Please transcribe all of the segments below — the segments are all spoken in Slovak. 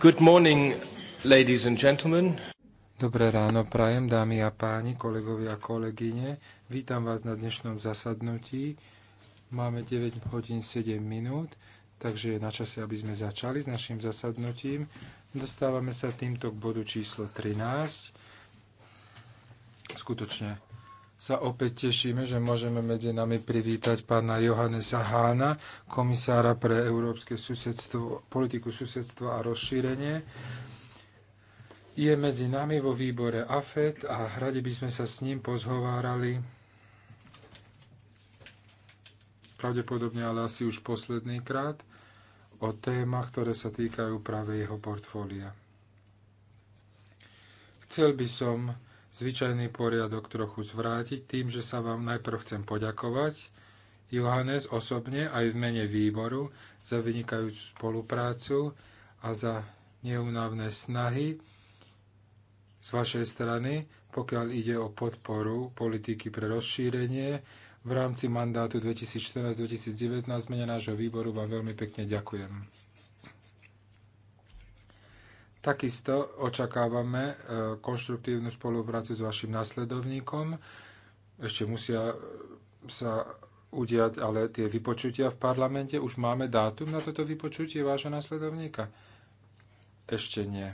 Good morning, ladies and gentlemen. Dobré ráno prajem, dámy a páni, kolegovia a kolegyne. Vítam vás na dnešnom zasadnutí. Máme 9 hodín 7 minút, takže je na čase, aby sme začali s našim zasadnutím. Dostávame sa týmto k bodu číslo 13. Skutočne sa opäť tešíme, že môžeme medzi nami privítať pána Johannesa Hána, komisára pre európske susedstvo, politiku susedstva a rozšírenie. Je medzi nami vo výbore AFET a radi by sme sa s ním pozhovárali pravdepodobne ale asi už posledný krát o témach, ktoré sa týkajú práve jeho portfólia. Chcel by som zvyčajný poriadok trochu zvrátiť tým, že sa vám najprv chcem poďakovať, Johannes osobne aj v mene výboru, za vynikajúcu spoluprácu a za neunávne snahy z vašej strany, pokiaľ ide o podporu politiky pre rozšírenie. V rámci mandátu 2014-2019 mene nášho výboru vám veľmi pekne ďakujem. Takisto očakávame e, konštruktívnu spoluprácu s vašim následovníkom. Ešte musia e, sa udiať ale tie vypočutia v parlamente. Už máme dátum na toto vypočutie vášho následovníka? Ešte nie.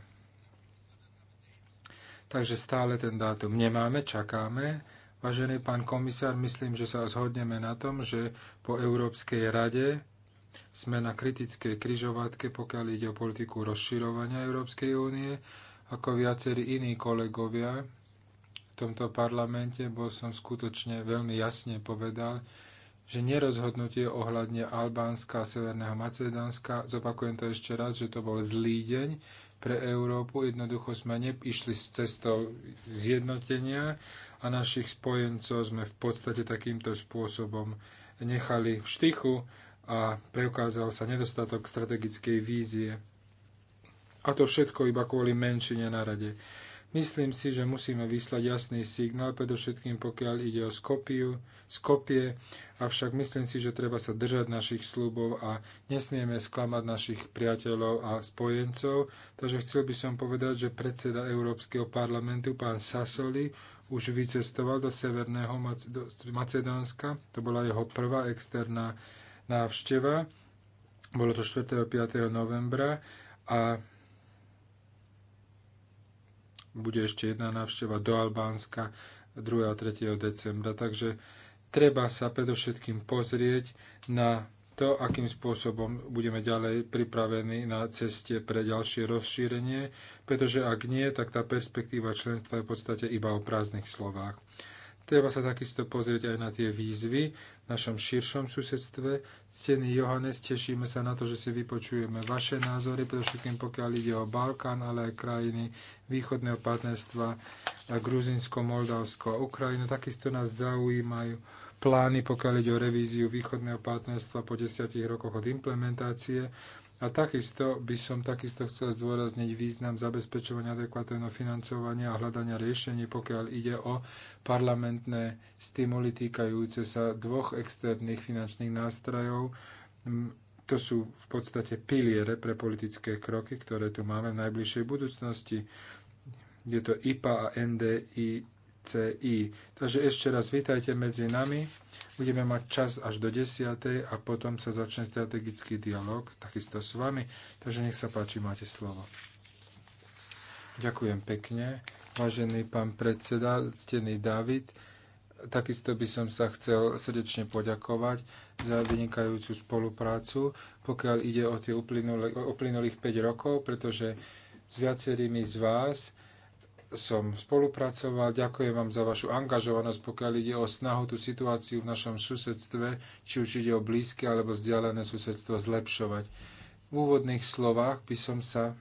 Takže stále ten dátum nemáme, čakáme. Vážený pán komisár, myslím, že sa zhodneme na tom, že po Európskej rade sme na kritickej kryžovatke, pokiaľ ide o politiku rozširovania Európskej únie. Ako viacerí iní kolegovia v tomto parlamente bol som skutočne veľmi jasne povedal, že nerozhodnutie ohľadne Albánska a Severného Macedánska, zopakujem to ešte raz, že to bol zlý deň pre Európu. Jednoducho sme neišli s cestou zjednotenia a našich spojencov sme v podstate takýmto spôsobom nechali v štychu a preukázal sa nedostatok strategickej vízie. A to všetko iba kvôli menšine na rade. Myslím si, že musíme vyslať jasný signál, predovšetkým pokiaľ ide o Skopiu, Skopie, avšak myslím si, že treba sa držať našich slubov a nesmieme sklamať našich priateľov a spojencov. Takže chcel by som povedať, že predseda Európskeho parlamentu, pán Sasoli, už vycestoval do Severného Macedónska. To bola jeho prvá externá návšteva. Bolo to 4. 5. novembra a bude ešte jedna návšteva do Albánska 2. a 3. decembra. Takže treba sa predovšetkým pozrieť na to, akým spôsobom budeme ďalej pripravení na ceste pre ďalšie rozšírenie, pretože ak nie, tak tá perspektíva členstva je v podstate iba o prázdnych slovách. Treba sa takisto pozrieť aj na tie výzvy v našom širšom susedstve. Stený Johannes, tešíme sa na to, že si vypočujeme vaše názory, predovšetkým pokiaľ ide o Balkán, ale aj krajiny východného partnerstva, Gruzinsko, Moldavsko a Ukrajina. Takisto nás zaujímajú plány, pokiaľ ide o revíziu východného partnerstva po desiatich rokoch od implementácie a takisto by som takisto chcel zdôrazniť význam zabezpečovania adekvátneho financovania a hľadania riešení, pokiaľ ide o parlamentné stimuly týkajúce sa dvoch externých finančných nástrojov. To sú v podstate piliere pre politické kroky, ktoré tu máme v najbližšej budúcnosti. Je to IPA a NDICI. Takže ešte raz vítajte medzi nami. Budeme mať čas až do 10. a potom sa začne strategický dialog, takisto s vami. Takže nech sa páči, máte slovo. Ďakujem pekne. Vážený pán predseda, ctený David, takisto by som sa chcel srdečne poďakovať za vynikajúcu spoluprácu, pokiaľ ide o tie uplynulých 5 rokov, pretože s viacerými z vás som spolupracoval. Ďakujem vám za vašu angažovanosť, pokiaľ ide o snahu tú situáciu v našom susedstve, či už ide o blízke alebo vzdialené susedstvo, zlepšovať. V úvodných slovách by som sa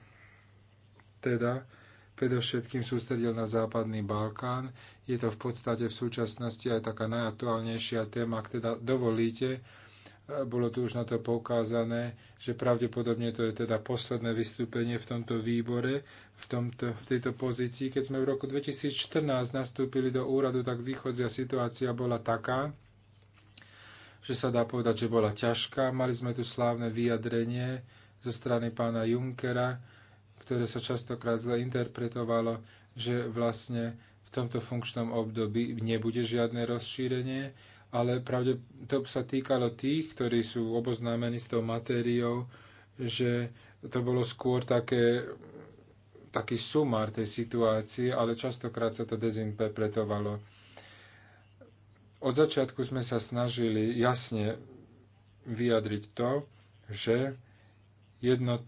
teda predovšetkým sústredil na Západný Balkán. Je to v podstate v súčasnosti aj taká najaktuálnejšia téma, ak teda dovolíte bolo tu už na to poukázané, že pravdepodobne to je teda posledné vystúpenie v tomto výbore, v, tomto, v tejto pozícii. Keď sme v roku 2014 nastúpili do úradu, tak východzia situácia bola taká, že sa dá povedať, že bola ťažká. Mali sme tu slávne vyjadrenie zo strany pána Junkera, ktoré sa častokrát zle interpretovalo, že vlastne v tomto funkčnom období nebude žiadne rozšírenie ale pravde, to sa týkalo tých, ktorí sú oboznámení s tou matériou, že to bolo skôr také, taký sumár tej situácie, ale častokrát sa to dezinterpretovalo. Od začiatku sme sa snažili jasne vyjadriť to, že jedno,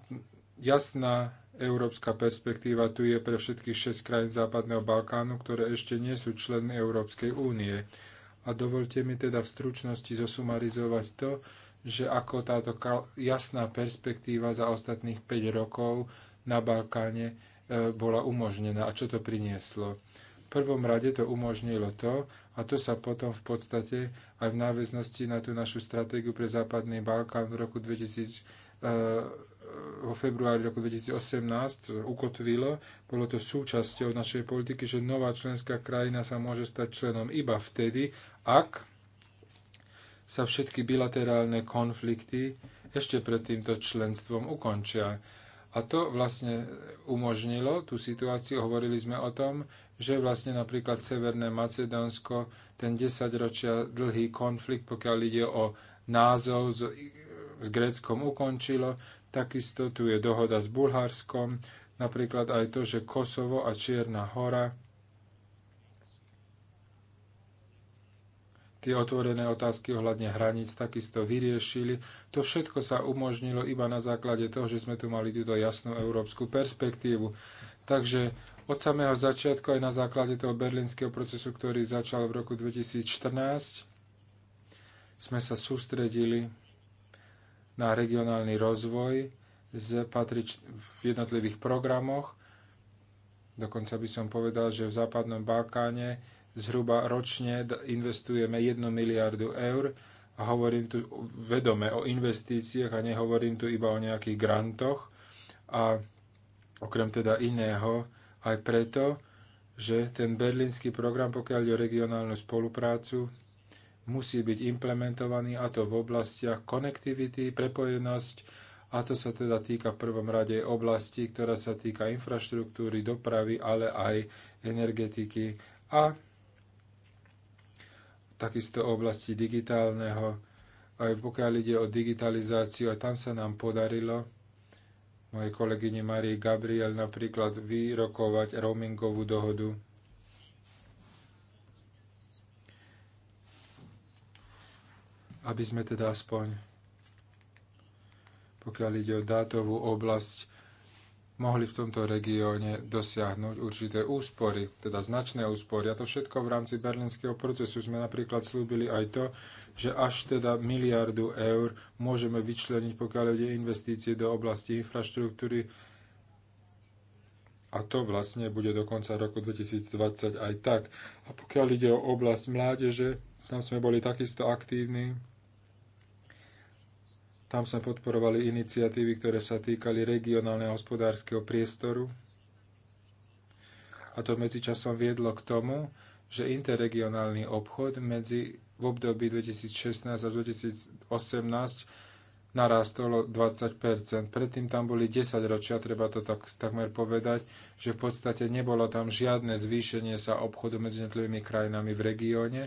jasná európska perspektíva tu je pre všetkých 6 krajín Západného Balkánu, ktoré ešte nie sú členmi Európskej únie. A dovolte mi teda v stručnosti zosumarizovať to, že ako táto jasná perspektíva za ostatných 5 rokov na Balkáne e, bola umožnená a čo to prinieslo. V prvom rade to umožnilo to, a to sa potom v podstate aj v náväznosti na tú našu stratégiu pre Západný Balkán v roku 2000, e, vo februári roku 2018 ukotvilo. Bolo to súčasťou našej politiky, že nová členská krajina sa môže stať členom iba vtedy, ak sa všetky bilaterálne konflikty ešte pred týmto členstvom ukončia. A to vlastne umožnilo tú situáciu, hovorili sme o tom, že vlastne napríklad Severné Macedónsko, ten 10 ročia dlhý konflikt, pokiaľ ide o názov s, s Gréckom ukončilo, takisto tu je dohoda s Bulharskom, napríklad aj to, že Kosovo a Čierna hora tie otvorené otázky ohľadne hraníc takisto vyriešili. To všetko sa umožnilo iba na základe toho, že sme tu mali túto jasnú európsku perspektívu. Takže od samého začiatku aj na základe toho berlínskeho procesu, ktorý začal v roku 2014, sme sa sústredili na regionálny rozvoj z patrič- v jednotlivých programoch. Dokonca by som povedal, že v západnom Balkáne zhruba ročne investujeme 1 miliardu eur a hovorím tu vedome o investíciách a nehovorím tu iba o nejakých grantoch a okrem teda iného aj preto, že ten berlínsky program, pokiaľ je o regionálnu spoluprácu, musí byť implementovaný a to v oblastiach konektivity, prepojenosť, a to sa teda týka v prvom rade oblasti, ktorá sa týka infraštruktúry, dopravy, ale aj energetiky a takisto oblasti digitálneho, aj pokiaľ ide o digitalizáciu, a tam sa nám podarilo mojej kolegyne Marie Gabriel napríklad vyrokovať roamingovú dohodu. Aby sme teda aspoň, pokiaľ ide o dátovú oblasť, mohli v tomto regióne dosiahnuť určité úspory, teda značné úspory. A to všetko v rámci berlínskeho procesu sme napríklad slúbili aj to, že až teda miliardu eur môžeme vyčleniť, pokiaľ ide investície do oblasti infraštruktúry. A to vlastne bude do konca roku 2020 aj tak. A pokiaľ ide o oblasť mládeže, tam sme boli takisto aktívni, tam sme podporovali iniciatívy, ktoré sa týkali regionálneho hospodárskeho priestoru. A to medzičasom viedlo k tomu, že interregionálny obchod medzi v období 2016 až 2018 narastolo 20 Predtým tam boli 10 ročia, treba to tak, takmer povedať, že v podstate nebolo tam žiadne zvýšenie sa obchodu medzi jednotlivými krajinami v regióne,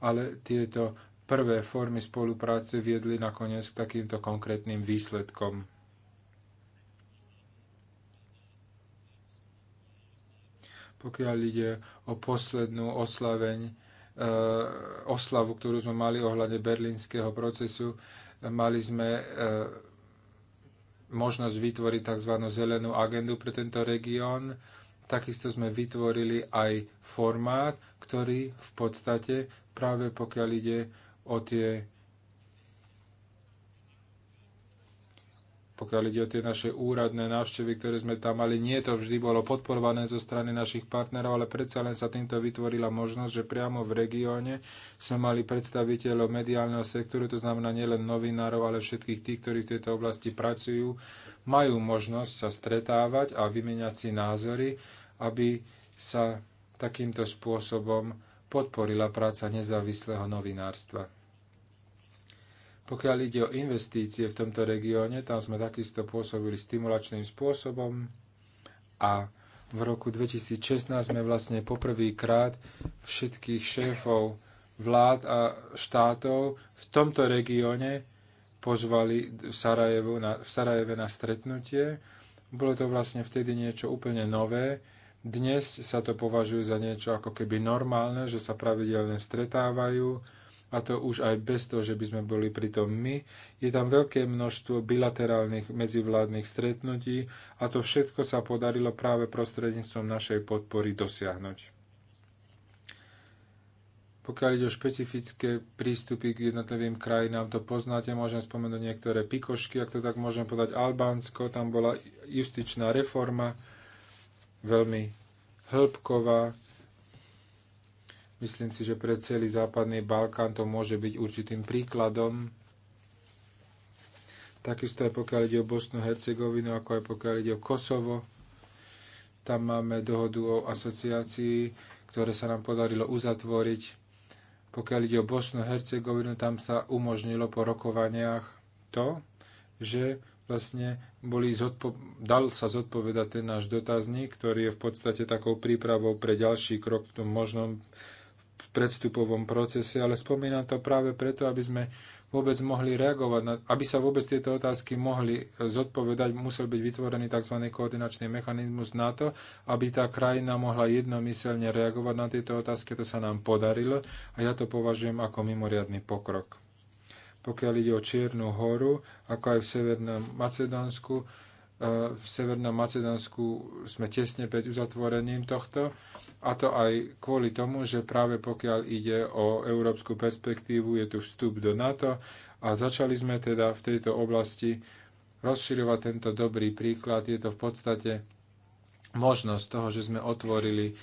ale tieto prvé formy spolupráce viedli nakoniec k takýmto konkrétnym výsledkom. Pokiaľ ide o poslednú oslaveň, e, oslavu, ktorú sme mali ohľadne berlínskeho procesu, e, mali sme e, možnosť vytvoriť tzv. zelenú agendu pre tento región. Takisto sme vytvorili aj formát, ktorý v podstate práve pokiaľ ide o tie pokiaľ ide o tie naše úradné návštevy, ktoré sme tam mali, nie to vždy bolo podporované zo strany našich partnerov, ale predsa len sa týmto vytvorila možnosť, že priamo v regióne sme mali predstaviteľov mediálneho sektoru, to znamená nielen novinárov, ale všetkých tých, ktorí v tejto oblasti pracujú, majú možnosť sa stretávať a vymeniať si názory, aby sa takýmto spôsobom podporila práca nezávislého novinárstva. Pokiaľ ide o investície v tomto regióne, tam sme takisto pôsobili stimulačným spôsobom a v roku 2016 sme vlastne poprvýkrát všetkých šéfov vlád a štátov v tomto regióne pozvali v, Sarajevu na, v Sarajeve na stretnutie. Bolo to vlastne vtedy niečo úplne nové dnes sa to považuje za niečo ako keby normálne, že sa pravidelne stretávajú a to už aj bez toho, že by sme boli pritom my. Je tam veľké množstvo bilaterálnych medzivládnych stretnutí a to všetko sa podarilo práve prostredníctvom našej podpory dosiahnuť. Pokiaľ ide o špecifické prístupy k jednotlivým krajinám, to poznáte, môžem spomenúť niektoré pikošky, ak to tak môžem podať Albánsko, tam bola justičná reforma, veľmi hĺbková. Myslím si, že pre celý západný Balkán to môže byť určitým príkladom. Takisto aj pokiaľ ide o Bosnu Hercegovinu, ako aj pokiaľ ide o Kosovo. Tam máme dohodu o asociácii, ktoré sa nám podarilo uzatvoriť. Pokiaľ ide o Bosnu Hercegovinu, tam sa umožnilo po rokovaniach to, že vlastne boli zodpo- dal sa zodpovedať ten náš dotazník, ktorý je v podstate takou prípravou pre ďalší krok v tom možnom predstupovom procese, ale spomínam to práve preto, aby sme vôbec mohli reagovať, na, aby sa vôbec tieto otázky mohli zodpovedať, musel byť vytvorený tzv. koordinačný mechanizmus na to, aby tá krajina mohla jednomyselne reagovať na tieto otázky, to sa nám podarilo a ja to považujem ako mimoriadný pokrok pokiaľ ide o Čiernu horu, ako aj v Severnom Macedónsku. E, v Severnom Macedónsku sme tesne pred uzatvorením tohto, a to aj kvôli tomu, že práve pokiaľ ide o európsku perspektívu, je tu vstup do NATO a začali sme teda v tejto oblasti rozširovať tento dobrý príklad. Je to v podstate možnosť toho, že sme otvorili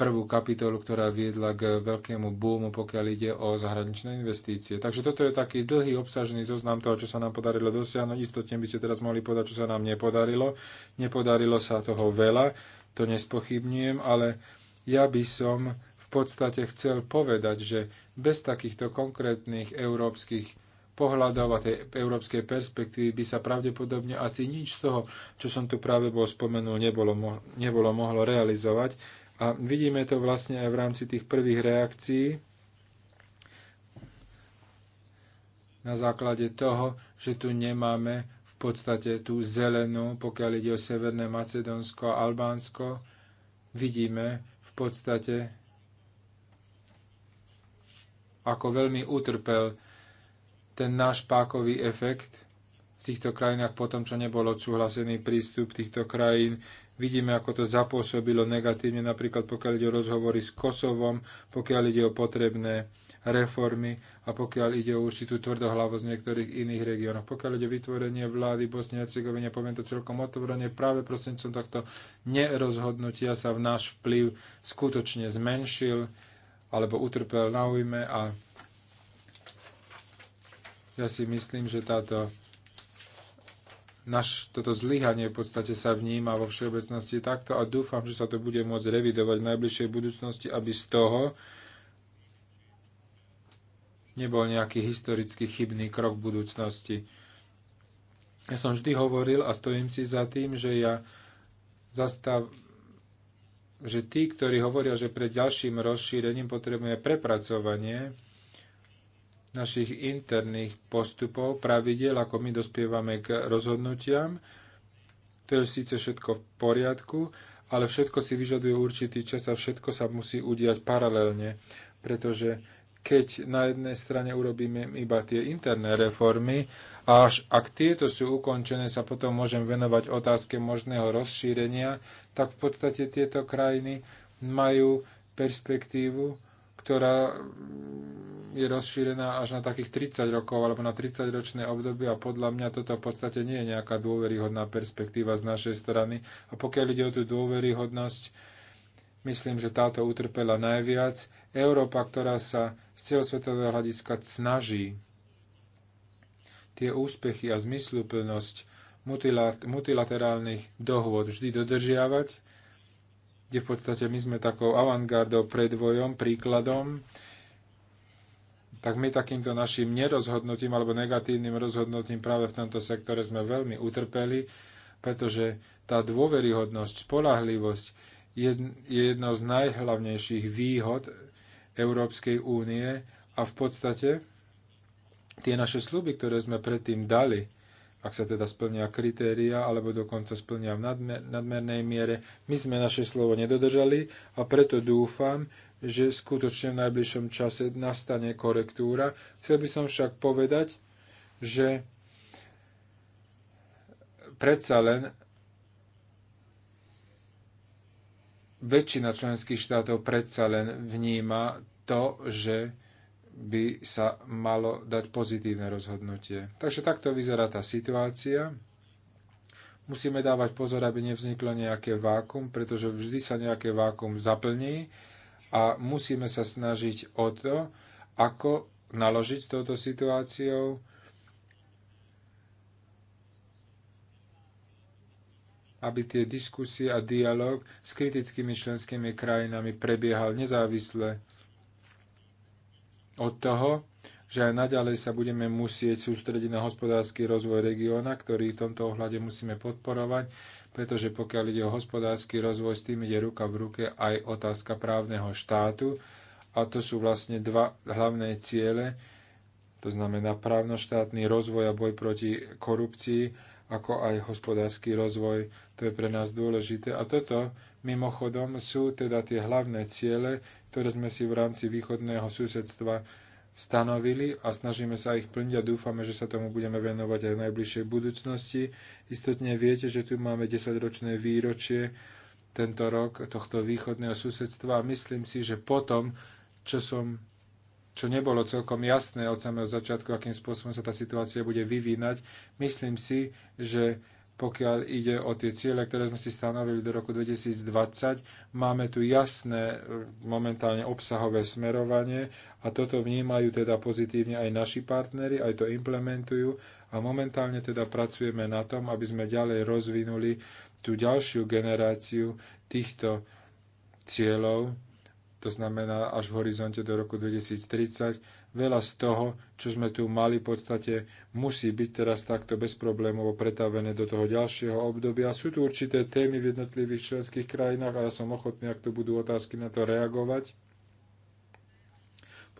prvú kapitolu, ktorá viedla k veľkému boomu, pokiaľ ide o zahraničné investície. Takže toto je taký dlhý obsažený zoznam toho, čo sa nám podarilo dosiahnuť. Istotne by ste teraz mohli povedať, čo sa nám nepodarilo. Nepodarilo sa toho veľa, to nespochybňujem, ale ja by som v podstate chcel povedať, že bez takýchto konkrétnych európskych pohľadov a tej európskej perspektívy by sa pravdepodobne asi nič z toho, čo som tu práve bol spomenul, nebolo, mo nebolo mohlo realizovať. A vidíme to vlastne aj v rámci tých prvých reakcií na základe toho, že tu nemáme v podstate tú zelenú, pokiaľ ide o Severné Macedónsko a Albánsko, vidíme v podstate, ako veľmi utrpel ten náš pákový efekt v týchto krajinách po tom, čo nebol odsúhlasený prístup týchto krajín Vidíme, ako to zapôsobilo negatívne, napríklad pokiaľ ide o rozhovory s Kosovom, pokiaľ ide o potrebné reformy a pokiaľ ide o určitú tvrdohlavosť v niektorých iných regiónoch. Pokiaľ ide o vytvorenie vlády Bosne a Hercegovine, poviem to celkom otvorene, práve prostredníctvom tohto nerozhodnutia sa v náš vplyv skutočne zmenšil alebo utrpel na ujme a ja si myslím, že táto naš, toto zlyhanie v podstate sa vníma vo všeobecnosti takto a dúfam, že sa to bude môcť revidovať v najbližšej budúcnosti, aby z toho nebol nejaký historicky chybný krok v budúcnosti. Ja som vždy hovoril a stojím si za tým, že ja zastav, že tí, ktorí hovoria, že pred ďalším rozšírením potrebuje prepracovanie, našich interných postupov, pravidel, ako my dospievame k rozhodnutiam. To je síce všetko v poriadku, ale všetko si vyžaduje určitý čas a všetko sa musí udiať paralelne, pretože keď na jednej strane urobíme iba tie interné reformy a až ak tieto sú ukončené, sa potom môžem venovať otázke možného rozšírenia, tak v podstate tieto krajiny majú perspektívu, ktorá mm, je rozšírená až na takých 30 rokov alebo na 30-ročné obdobie a podľa mňa toto v podstate nie je nejaká dôveryhodná perspektíva z našej strany. A pokiaľ ide o tú dôveryhodnosť, myslím, že táto utrpela najviac. Európa, ktorá sa z celosvetového hľadiska snaží tie úspechy a zmysluplnosť multilaterálnych dohôd vždy dodržiavať, kde v podstate my sme takou avantgardou, predvojom, príkladom, tak my takýmto našim nerozhodnutím alebo negatívnym rozhodnutím práve v tomto sektore sme veľmi utrpeli, pretože tá dôveryhodnosť, spolahlivosť je jedno z najhlavnejších výhod Európskej únie a v podstate tie naše sluby, ktoré sme predtým dali, ak sa teda splnia kritéria, alebo dokonca splnia v nadmer, nadmernej miere. My sme naše slovo nedodržali a preto dúfam, že skutočne v najbližšom čase nastane korektúra. Chcel by som však povedať, že predsa len väčšina členských štátov predsa len vníma to, že by sa malo dať pozitívne rozhodnutie. Takže takto vyzerá tá situácia. Musíme dávať pozor, aby nevzniklo nejaké vákum, pretože vždy sa nejaké vákum zaplní a musíme sa snažiť o to, ako naložiť s touto situáciou, aby tie diskusie a dialog s kritickými členskými krajinami prebiehal nezávisle od toho, že aj naďalej sa budeme musieť sústrediť na hospodársky rozvoj regióna, ktorý v tomto ohľade musíme podporovať, pretože pokiaľ ide o hospodársky rozvoj, s tým ide ruka v ruke aj otázka právneho štátu. A to sú vlastne dva hlavné ciele, to znamená právnoštátny rozvoj a boj proti korupcii, ako aj hospodársky rozvoj. To je pre nás dôležité. A toto Mimochodom sú teda tie hlavné ciele, ktoré sme si v rámci východného susedstva stanovili a snažíme sa ich plniť a dúfame, že sa tomu budeme venovať aj v najbližšej budúcnosti. Istotne viete, že tu máme 10-ročné výročie tento rok tohto východného susedstva a myslím si, že potom, čo som čo nebolo celkom jasné od samého začiatku, akým spôsobom sa tá situácia bude vyvínať, myslím si, že pokiaľ ide o tie ciele, ktoré sme si stanovili do roku 2020, máme tu jasné e, momentálne obsahové smerovanie a toto vnímajú teda pozitívne aj naši partnery, aj to implementujú a momentálne teda pracujeme na tom, aby sme ďalej rozvinuli tú ďalšiu generáciu týchto cieľov, to znamená až v horizonte do roku 2030, veľa z toho, čo sme tu mali, v podstate musí byť teraz takto bez problémov pretavené do toho ďalšieho obdobia. Sú tu určité témy v jednotlivých členských krajinách a ja som ochotný, ak tu budú otázky na to reagovať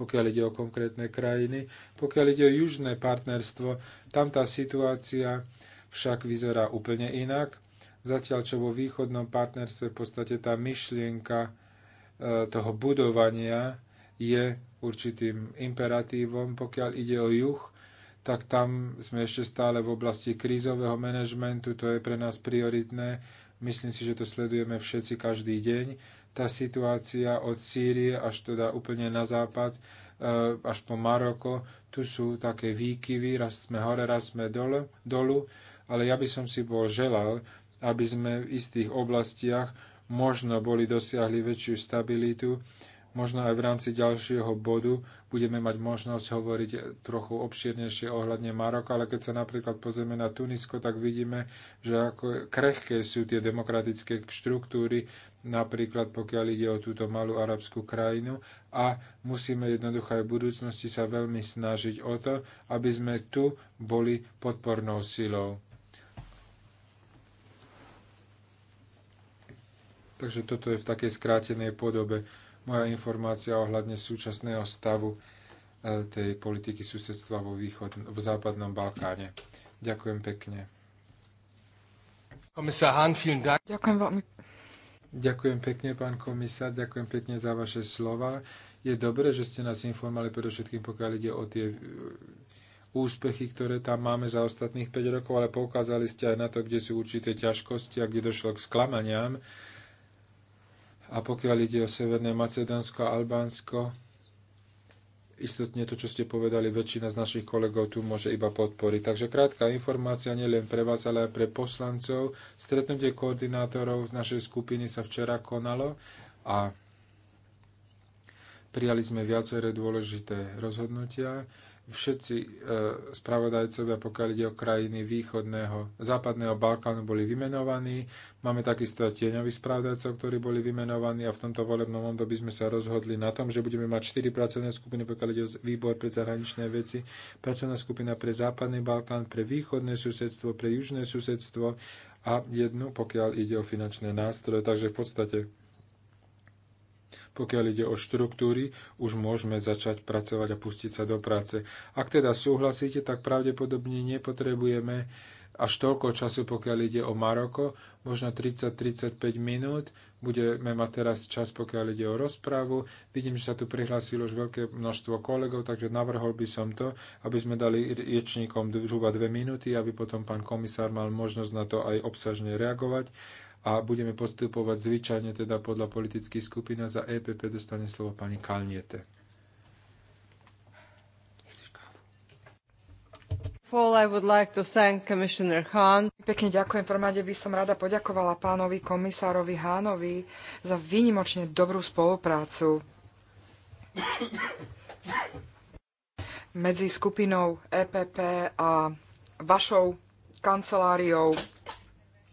pokiaľ ide o konkrétne krajiny. Pokiaľ ide o južné partnerstvo, tam tá situácia však vyzerá úplne inak. Zatiaľ, čo vo východnom partnerstve v podstate tá myšlienka e, toho budovania je určitým imperatívom. Pokiaľ ide o juh, tak tam sme ešte stále v oblasti krízového manažmentu, to je pre nás prioritné. Myslím si, že to sledujeme všetci každý deň. Tá situácia od Sýrie až teda úplne na západ, eh, až po Maroko, tu sú také výkyvy, raz sme hore, raz sme dole, dolu, ale ja by som si bol želal, aby sme v istých oblastiach možno boli dosiahli väčšiu stabilitu, Možno aj v rámci ďalšieho bodu budeme mať možnosť hovoriť trochu obširnejšie ohľadne Maroka, ale keď sa napríklad pozrieme na Tunisko, tak vidíme, že ako krehké sú tie demokratické štruktúry, napríklad pokiaľ ide o túto malú arabskú krajinu a musíme jednoducho aj v budúcnosti sa veľmi snažiť o to, aby sme tu boli podpornou silou. Takže toto je v takej skrátenej podobe moja informácia ohľadne súčasného stavu e, tej politiky susedstva vo, východ, v západnom Balkáne. Ďakujem pekne. Komisár Hahn, vielen Dank. Ďakujem veľmi. Ďakujem pekne, pán komisár, ďakujem pekne za vaše slova. Je dobré, že ste nás informovali predovšetkým, pokiaľ ide o tie e, úspechy, ktoré tam máme za ostatných 5 rokov, ale poukázali ste aj na to, kde sú určité ťažkosti a kde došlo k sklamaniam a pokiaľ ide o Severné Macedónsko a Albánsko, istotne to, čo ste povedali, väčšina z našich kolegov tu môže iba podporiť. Takže krátka informácia nielen pre vás, ale aj pre poslancov. Stretnutie koordinátorov našej skupiny sa včera konalo a prijali sme viaceré dôležité rozhodnutia všetci e, spravodajcovia, pokiaľ ide o krajiny východného, západného Balkánu, boli vymenovaní. Máme takisto aj tieňových spravodajcov, ktorí boli vymenovaní a v tomto volebnom období sme sa rozhodli na tom, že budeme mať 4 pracovné skupiny, pokiaľ ide o výbor pre zahraničné veci, pracovná skupina pre západný Balkán, pre východné susedstvo, pre južné susedstvo a jednu, pokiaľ ide o finančné nástroje. Takže v podstate pokiaľ ide o štruktúry, už môžeme začať pracovať a pustiť sa do práce. Ak teda súhlasíte, tak pravdepodobne nepotrebujeme až toľko času, pokiaľ ide o Maroko, možno 30-35 minút. Budeme mať teraz čas, pokiaľ ide o rozprávu. Vidím, že sa tu prihlásilo už veľké množstvo kolegov, takže navrhol by som to, aby sme dali riečníkom zhruba dve minúty, aby potom pán komisár mal možnosť na to aj obsažne reagovať a budeme postupovať zvyčajne teda podľa politických skupín a za EPP dostane slovo pani Kalniete. Pekne ďakujem. V rade by som rada poďakovala pánovi komisárovi Hánovi za výnimočne dobrú spoluprácu medzi skupinou EPP a vašou kanceláriou,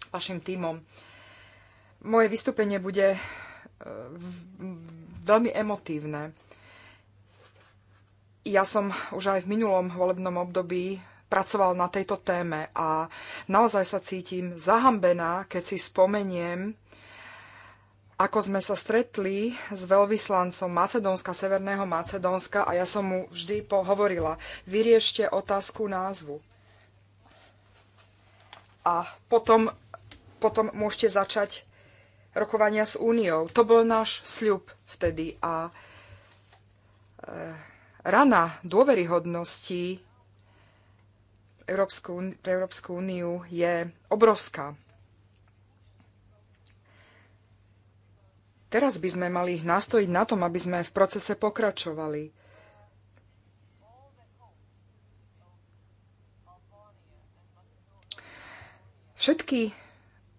vašim tímom moje vystúpenie bude e, veľmi emotívne. Ja som už aj v minulom volebnom období pracoval na tejto téme a naozaj sa cítim zahambená, keď si spomeniem, ako sme sa stretli s veľvyslancom Macedónska, Severného Macedónska a ja som mu vždy pohovorila, vyriešte otázku názvu. A potom, potom môžete začať rokovania s Úniou. To bol náš sľub vtedy a e, rana dôveryhodnosti Európsku, pre Európsku úniu je obrovská. Teraz by sme mali nastojiť na tom, aby sme v procese pokračovali. Všetky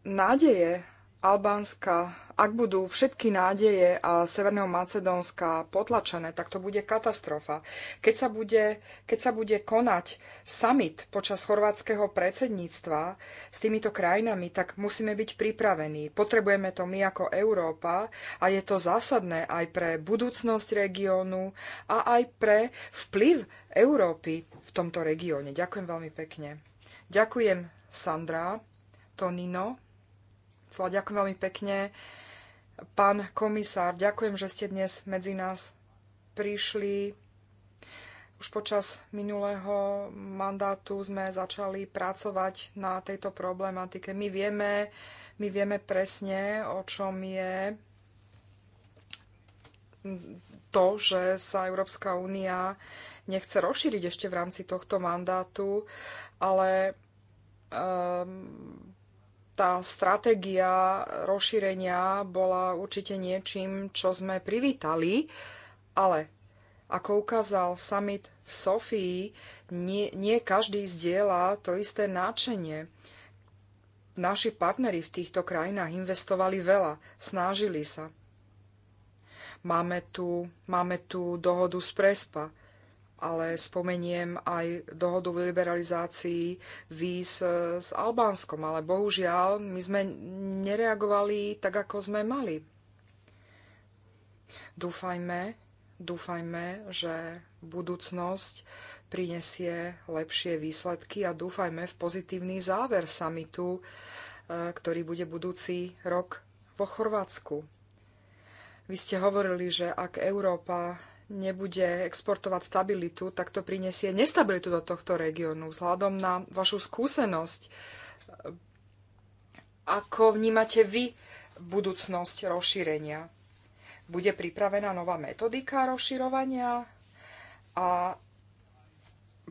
nádeje Albánska, ak budú všetky nádeje a Severného Macedónska potlačené, tak to bude katastrofa. Keď sa bude, keď sa bude konať summit počas chorvátskeho predsedníctva s týmito krajinami, tak musíme byť pripravení. Potrebujeme to my ako Európa a je to zásadné aj pre budúcnosť regiónu a aj pre vplyv Európy v tomto regióne. Ďakujem veľmi pekne. Ďakujem, Sandra, Tonino chcela. Ďakujem veľmi pekne. Pán komisár, ďakujem, že ste dnes medzi nás prišli. Už počas minulého mandátu sme začali pracovať na tejto problematike. My vieme, my vieme presne, o čom je to, že sa Európska únia nechce rozšíriť ešte v rámci tohto mandátu, ale um, tá stratégia rozšírenia bola určite niečím, čo sme privítali, ale ako ukázal summit v Sofii, nie, nie každý zdieľa to isté náčenie. Naši partneri v týchto krajinách investovali veľa, snažili sa. Máme tu, máme tu dohodu z Prespa, ale spomeniem aj dohodu o liberalizácii víz e, s Albánskom, ale bohužiaľ my sme nereagovali tak, ako sme mali. Dúfajme, dúfajme, že budúcnosť prinesie lepšie výsledky a dúfajme v pozitívny záver samitu, e, ktorý bude budúci rok po Chorvátsku. Vy ste hovorili, že ak Európa nebude exportovať stabilitu, tak to prinesie nestabilitu do tohto regiónu. Vzhľadom na vašu skúsenosť, ako vnímate vy budúcnosť rozšírenia? Bude pripravená nová metodika rozširovania a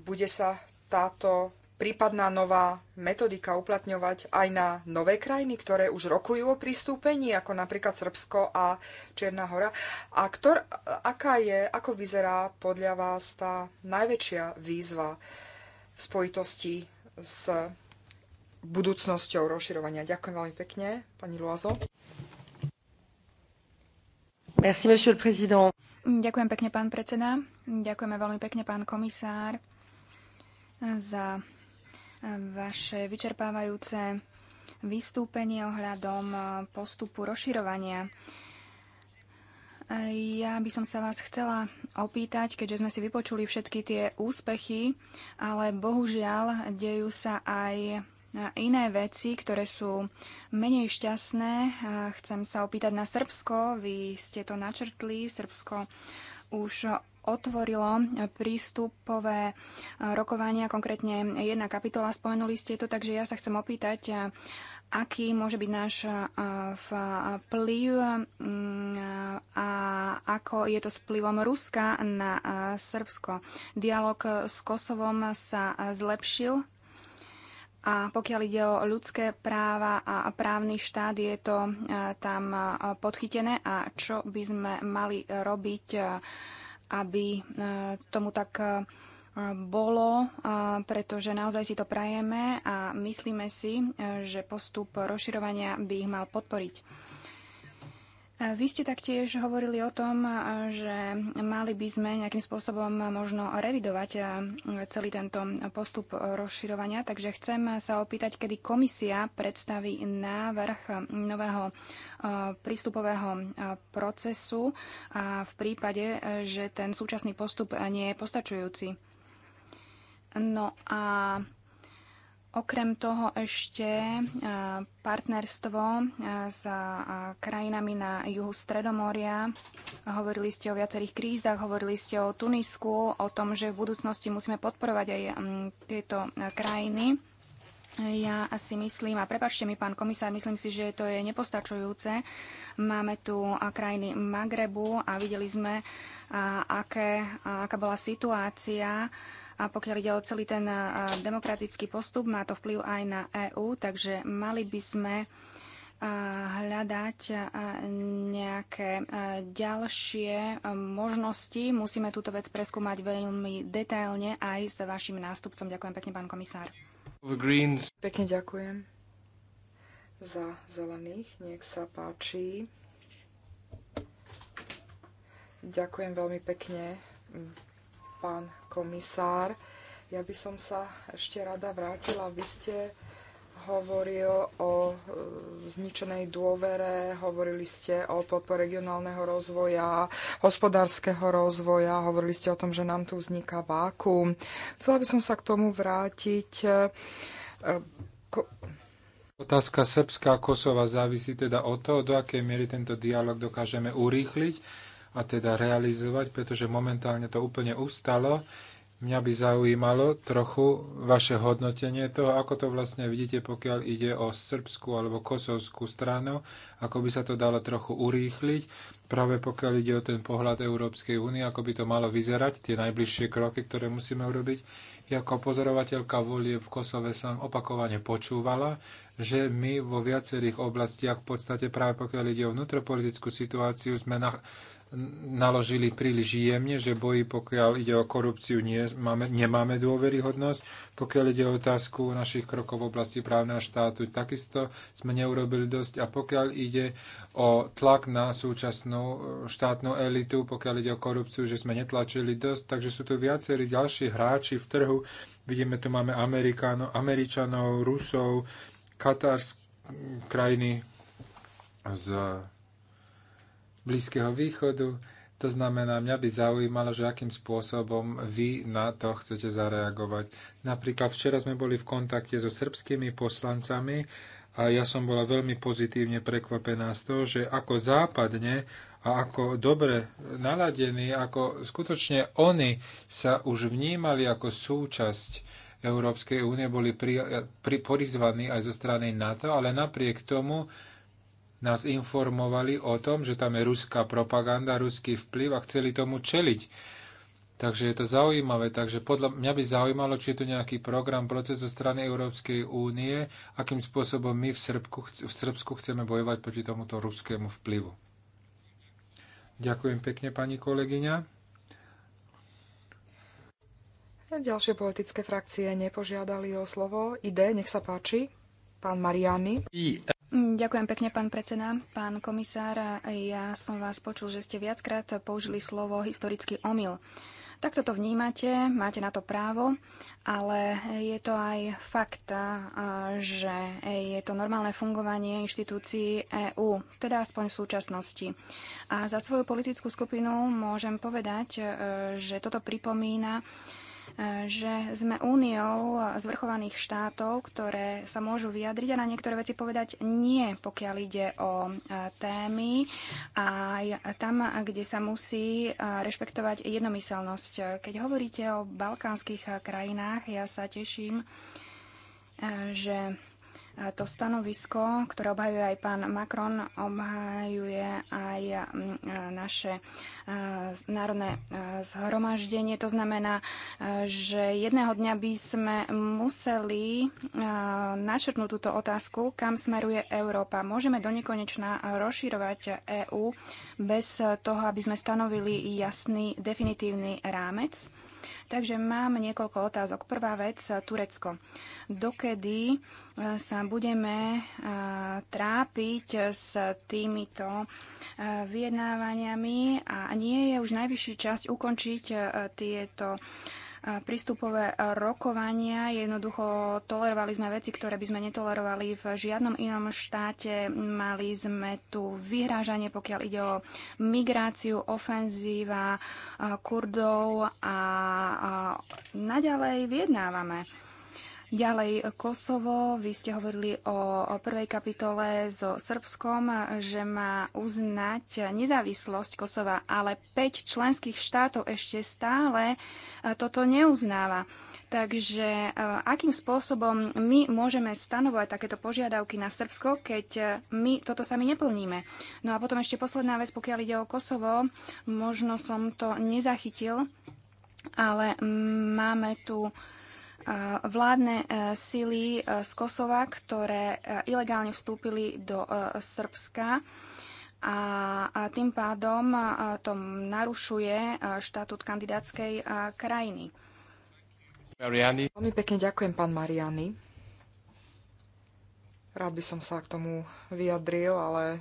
bude sa táto prípadná nová metodika uplatňovať aj na nové krajiny, ktoré už rokujú o pristúpení, ako napríklad Srbsko a Čierna hora. A ktor, aká je, ako vyzerá podľa vás tá najväčšia výzva v spojitosti s budúcnosťou rozširovania? Ďakujem veľmi pekne, pani Luazo. Merci, monsieur le président. Ďakujem pekne, pán predseda. Ďakujeme veľmi pekne, pán komisár, za vaše vyčerpávajúce vystúpenie ohľadom eh, postupu rozširovania. Ja by som sa vás chcela opýtať, keďže sme si vypočuli všetky tie úspechy, ale bohužiaľ dejú sa aj eh, iné veci, ktoré sú menej šťastné. Chcem sa opýtať na Srbsko. Vy ste to načrtli. Srbsko už otvorilo prístupové eh, rokovania, konkrétne jedna kapitola, spomenuli ste to, takže ja sa chcem opýtať, eh, aký môže byť náš eh, vplyv mm, a ako je to s vplyvom Ruska na Srbsko. Dialóg s Kosovom sa zlepšil a pokiaľ ide o ľudské práva a právny štát, je to tam podchytené a čo by sme mali robiť aby e, tomu tak e, bolo, e, pretože naozaj si to prajeme a myslíme si, že postup rozširovania by ich mal podporiť. Vy ste taktiež hovorili o tom, že mali by sme nejakým spôsobom možno revidovať celý tento postup rozširovania, takže chcem sa opýtať, kedy komisia predstaví návrh nového prístupového procesu a v prípade, že ten súčasný postup nie je postačujúci. No a Okrem toho ešte partnerstvo s krajinami na juhu Stredomoria. Hovorili ste o viacerých krízach, hovorili ste o Tunisku, o tom, že v budúcnosti musíme podporovať aj tieto krajiny. Ja asi myslím, a prepačte mi, pán komisár, myslím si, že to je nepostačujúce. Máme tu krajiny Magrebu a videli sme, aké, aká bola situácia a pokiaľ ide o celý ten demokratický postup, má to vplyv aj na EÚ, takže mali by sme hľadať nejaké ďalšie možnosti. Musíme túto vec preskúmať veľmi detailne aj s vašim nástupcom. Ďakujem pekne, pán komisár. Pekne ďakujem za zelených. Nech sa páči. Ďakujem veľmi pekne pán komisár. Ja by som sa ešte rada vrátila. Vy ste hovoril o e, zničenej dôvere, hovorili ste o podpore regionálneho rozvoja, hospodárskeho rozvoja, hovorili ste o tom, že nám tu vzniká vákum. Chcela by som sa k tomu vrátiť. E, ko- Otázka Srbska a Kosova závisí teda od toho, do akej miery tento dialog dokážeme urýchliť a teda realizovať, pretože momentálne to úplne ustalo. Mňa by zaujímalo trochu vaše hodnotenie toho, ako to vlastne vidíte, pokiaľ ide o srbskú alebo kosovskú stranu, ako by sa to dalo trochu urýchliť, práve pokiaľ ide o ten pohľad Európskej únie, ako by to malo vyzerať, tie najbližšie kroky, ktoré musíme urobiť. ako pozorovateľka volie v Kosove som opakovane počúvala, že my vo viacerých oblastiach v podstate práve pokiaľ ide o vnútropolitickú situáciu sme na, naložili príliš jemne, že boji, pokiaľ ide o korupciu, nie, máme, nemáme dôveryhodnosť. Pokiaľ ide o otázku našich krokov v oblasti právneho štátu, takisto sme neurobili dosť. A pokiaľ ide o tlak na súčasnú e, štátnu elitu, pokiaľ ide o korupciu, že sme netlačili dosť, takže sú tu viacerí ďalší hráči v trhu. Vidíme, tu máme Amerikáno, Američanov, Rusov, Katarsk, krajiny z Blízkeho východu. To znamená, mňa by zaujímalo, že akým spôsobom vy na to chcete zareagovať. Napríklad včera sme boli v kontakte so srbskými poslancami a ja som bola veľmi pozitívne prekvapená z toho, že ako západne a ako dobre naladení, ako skutočne oni sa už vnímali ako súčasť Európskej únie, boli pri, pri, porizvaní aj zo strany NATO, ale napriek tomu nás informovali o tom, že tam je ruská propaganda, ruský vplyv a chceli tomu čeliť. Takže je to zaujímavé. Takže podľa mňa by zaujímalo, či je tu nejaký program, proces zo strany Európskej únie, akým spôsobom my v Srbsku, v Srbsku chceme bojovať proti tomuto ruskému vplyvu. Ďakujem pekne, pani kolegyňa. Ďalšie politické frakcie nepožiadali o slovo. Ide, nech sa páči. Pán Mariani. I... Mm, ďakujem pekne, pán predseda. Pán komisár, ja som vás počul, že ste viackrát použili slovo historický omyl. Takto to vnímate, máte na to právo, ale je to aj fakt, že je to normálne fungovanie inštitúcií EÚ, teda aspoň v súčasnosti. A za svoju politickú skupinu môžem povedať, e, že toto pripomína že sme úniou zvrchovaných štátov, ktoré sa môžu vyjadriť a na niektoré veci povedať nie, pokiaľ ide o e, témy a tam, kde sa musí e, rešpektovať jednomyselnosť. Keď hovoríte o balkánskych e, krajinách, ja sa teším, že to stanovisko, ktoré obhajuje aj pán Macron, obhajuje aj mm, naše národné zhromaždenie. To znamená, že jedného dňa by sme museli načrtnúť túto otázku, kam smeruje Európa. Môžeme do nekonečna rozširovať EÚ bez toho, aby sme stanovili jasný definitívny rámec Takže mám niekoľko otázok. Prvá vec, eh, Turecko. Dokedy eh, sa budeme eh, trápiť s týmito vyjednávaniami a nie je už najvyšší časť ukončiť tieto prístupové rokovania. Jednoducho tolerovali sme veci, ktoré by sme netolerovali v žiadnom inom štáte. Mali sme tu vyhrážanie, pokiaľ ide o migráciu, ofenzíva Kurdov a naďalej vyjednávame. Ďalej Kosovo, vy ste hovorili o, o prvej kapitole so Srbskom, že má uznať nezávislosť Kosova, ale 5 členských štátov ešte stále e, toto neuznáva. Takže e, akým spôsobom my môžeme stanovať takéto požiadavky na Srbsko, keď e, my toto sami neplníme? No a potom ešte posledná vec, pokiaľ ide o Kosovo, možno som to nezachytil, ale máme tu uh, vládne e, sily e, z Kosova, ktoré e, ilegálne vstúpili do Srbska a tým pádom to narušuje štatút kandidátskej krajiny. Mariani. Veľmi pekne ďakujem, pán Mariani. Rád by som sa k tomu vyjadril, ale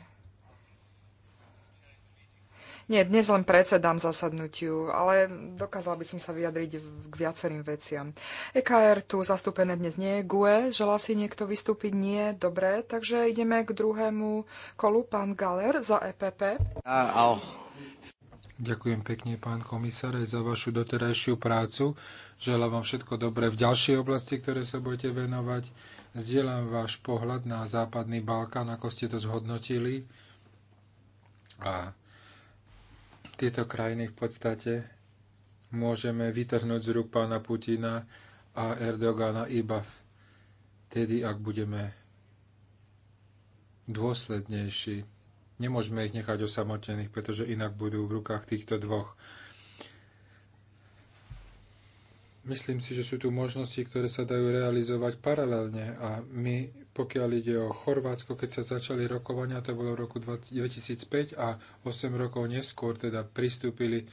nie, dnes len predsedám zasadnutiu, ale dokázala by som sa vyjadriť k viacerým veciam. EKR tu zastúpené dnes nie je. GUE, želá si niekto vystúpiť? Nie, dobre. Takže ideme k druhému kolu. Pán Galer za EPP. Uh, Ďakujem pekne, pán komisár, aj za vašu doterajšiu prácu. Želám vám všetko dobré v ďalšej oblasti, ktoré sa budete venovať. Zdieľam váš pohľad na Západný Balkán, ako ste to zhodnotili. A tieto krajiny v podstate môžeme vytrhnúť z rúk pána Putina a Erdogana iba vtedy, ak budeme dôslednejší. Nemôžeme ich nechať osamotených, pretože inak budú v rukách týchto dvoch. Myslím si, že sú tu možnosti, ktoré sa dajú realizovať paralelne a my, pokiaľ ide o Chorvátsko, keď sa začali rokovania, to bolo v roku 2005 a 8 rokov neskôr teda pristúpili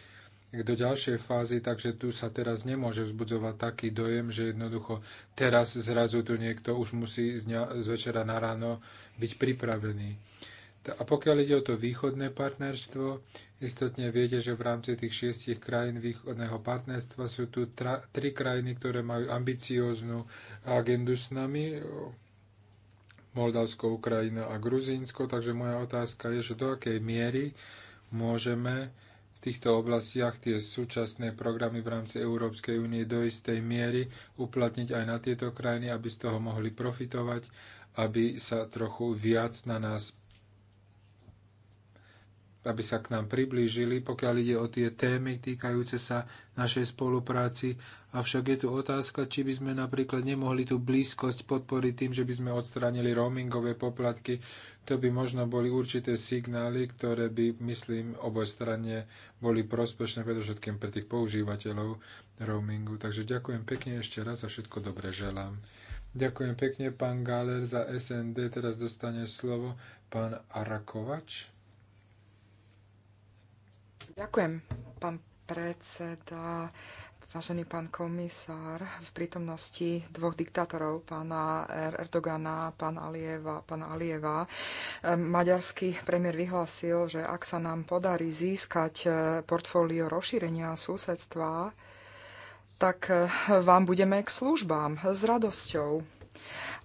do ďalšej fázy, takže tu sa teraz nemôže vzbudzovať taký dojem, že jednoducho teraz zrazu tu niekto už musí z, dňa, z večera na ráno byť pripravený. A pokiaľ ide o to východné partnerstvo, Istotne viete, že v rámci tých šiestich krajín východného partnerstva sú tu tra, tri krajiny, ktoré majú ambicióznu agendu s nami, Moldavsko, Ukrajina a Gruzínsko, takže moja otázka je, že do akej miery môžeme v týchto oblastiach tie súčasné programy v rámci Európskej únie do istej miery uplatniť aj na tieto krajiny, aby z toho mohli profitovať, aby sa trochu viac na nás aby sa k nám priblížili, pokiaľ ide o tie témy týkajúce sa našej spolupráci. Avšak je tu otázka, či by sme napríklad nemohli tú blízkosť podporiť tým, že by sme odstránili roamingové poplatky. To by možno boli určité signály, ktoré by, myslím, oboj strane boli prospešné, predovšetkým pre tých používateľov roamingu. Takže ďakujem pekne ešte raz a všetko dobre želám. Ďakujem pekne, pán Galer, za SND. Teraz dostane slovo pán Arakovač. Ďakujem, pán predseda, vážený pán komisár. V prítomnosti dvoch diktátorov, pána er- Erdogana a pán Alieva, pána Alieva, maďarský premiér vyhlásil, že ak sa nám podarí získať e, portfólio rozšírenia susedstva, tak e, vám budeme k službám s radosťou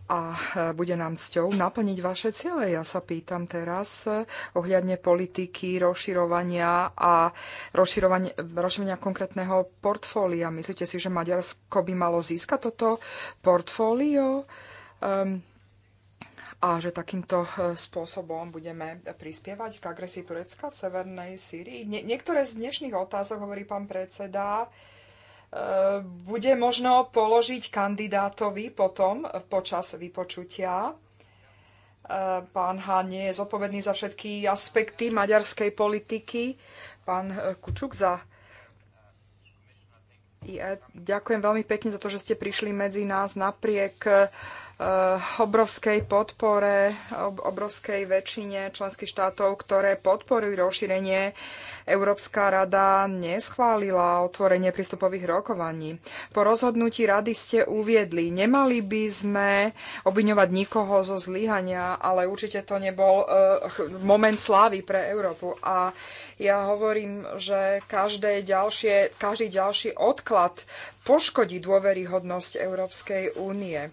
a e, bude nám cťou naplniť vaše ciele. Ja sa pýtam teraz e, ohľadne politiky, rozširovania a rozširovania, rozširovania konkrétneho portfólia. Myslíte si, že Maďarsko by malo získať toto portfólio? Um, a že takýmto e, spôsobom budeme prispievať k agresii Turecka v severnej Sýrii. Nie, niektoré z dnešných otázok, hovorí pán predseda, uh, Eh, bude možno položiť kandidátovi potom eh, počas vypočutia. Eh, pán Hán je zodpovedný za všetky aspekty maďarskej politiky. Pán Kučuk za ja e. ďakujem veľmi pekne za to, že ste prišli medzi nás napriek Eh, obrovskej podpore, obrovskej väčšine členských štátov, ktoré podporili rozšírenie, Európska rada neschválila otvorenie prístupových rokovaní. Po rozhodnutí rady ste uviedli, nemali by sme obviňovať nikoho zo zlyhania, ale určite to nebol eh, moment slávy pre Európu. A ja hovorím, že každé ďalšie, každý ďalší odklad poškodí dôveryhodnosť Európskej únie.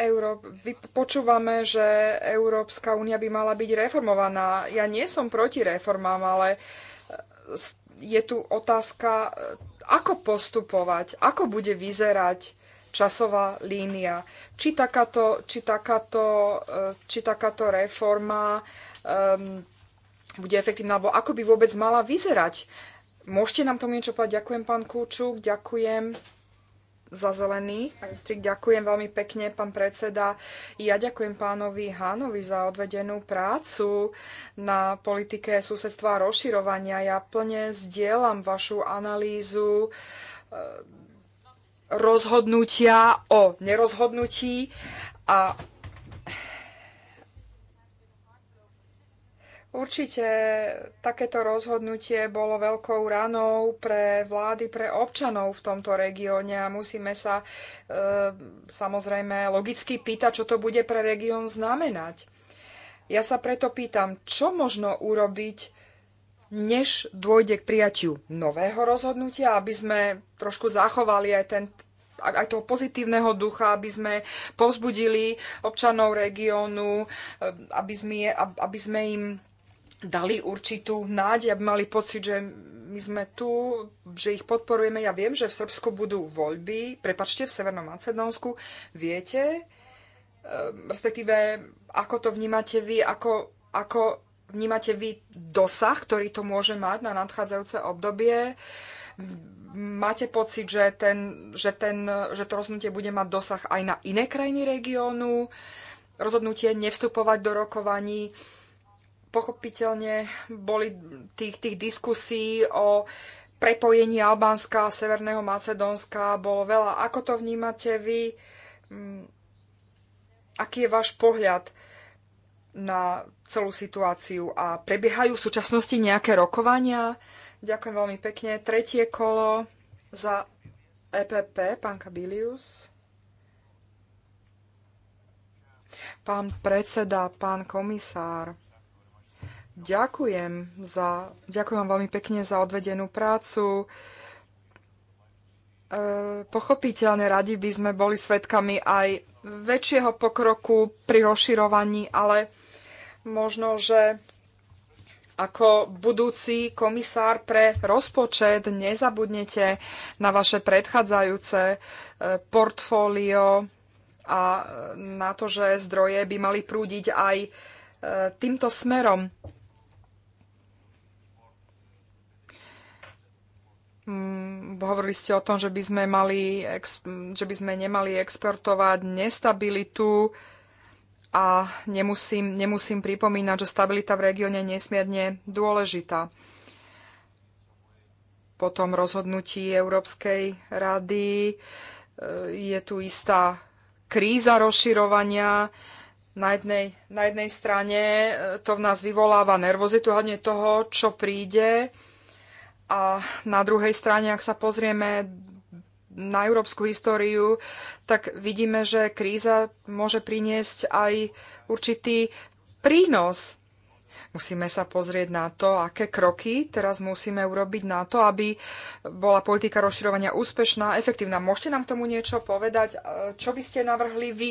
Euró- počúvame, že Európska únia by mala byť reformovaná. Ja nie som proti reformám, ale e, je tu otázka, e, ako postupovať, ako bude vyzerať časová línia. Či takáto, či takáto, e, či takáto reforma um, bude efektívna, alebo ako by vôbec mala vyzerať. Môžete nám tomu niečo povedať? Ďakujem, pán Kúčuk, ďakujem za zelený. Pani Strik, ďakujem veľmi pekne, pán predseda. Ja ďakujem pánovi Hánovi za odvedenú prácu na politike susedstva a rozširovania. Ja plne zdieľam vašu analýzu eh, rozhodnutia o nerozhodnutí a Určite takéto rozhodnutie bolo veľkou ranou pre vlády, pre občanov v tomto regióne a musíme sa e, samozrejme logicky pýtať, čo to bude pre región znamenať. Ja sa preto pýtam, čo možno urobiť, než dôjde k prijatiu nového rozhodnutia, aby sme trošku zachovali aj ten aj toho pozitívneho ducha, aby sme povzbudili občanov regiónu, e, aby sme, aby sme im dali určitú nádej, aby mali pocit, že my sme tu, že ich podporujeme. Ja viem, že v Srbsku budú voľby, prepačte, v Severnom Macedónsku. Viete, ehm, respektíve, ako to vnímate vy, ako, ako vnímate vy dosah, ktorý to môže mať na nadchádzajúce obdobie? Máte pocit, že, ten, že, ten, že to rozhodnutie bude mať dosah aj na iné krajiny regiónu? Rozhodnutie nevstupovať do rokovaní pochopiteľne boli tých, tých diskusí o prepojení Albánska a Severného Macedónska bolo veľa. Ako to vnímate vy? Mm, aký je váš pohľad na celú situáciu? A prebiehajú v súčasnosti nejaké rokovania? Ďakujem veľmi pekne. Tretie kolo za EPP, pán Kabilius. Pán predseda, pán komisár. Ďakujem, za, ďakujem vám veľmi pekne za odvedenú prácu. E, pochopiteľne radi by sme boli svetkami aj väčšieho pokroku pri rozširovaní, ale možno, že ako budúci komisár pre rozpočet nezabudnete na vaše predchádzajúce e, portfólio a e, na to, že zdroje by mali prúdiť aj e, týmto smerom. Mm, hovorili ste o tom, že by sme, mali, že by sme nemali exportovať nestabilitu a nemusím, nemusím pripomínať, že stabilita v regióne je nesmierne dôležitá. Po tom rozhodnutí Európskej rady e, je tu istá kríza rozširovania. Na jednej, na jednej strane e, to v nás vyvoláva nervozitu, hlavne toho, čo príde a na druhej strane, ak sa pozrieme na európsku históriu, tak vidíme, že kríza môže priniesť aj určitý prínos. Musíme sa pozrieť na to, aké kroky teraz musíme urobiť na to, aby bola politika rozširovania úspešná, efektívna. Môžete nám k tomu niečo povedať? Čo by ste navrhli vy?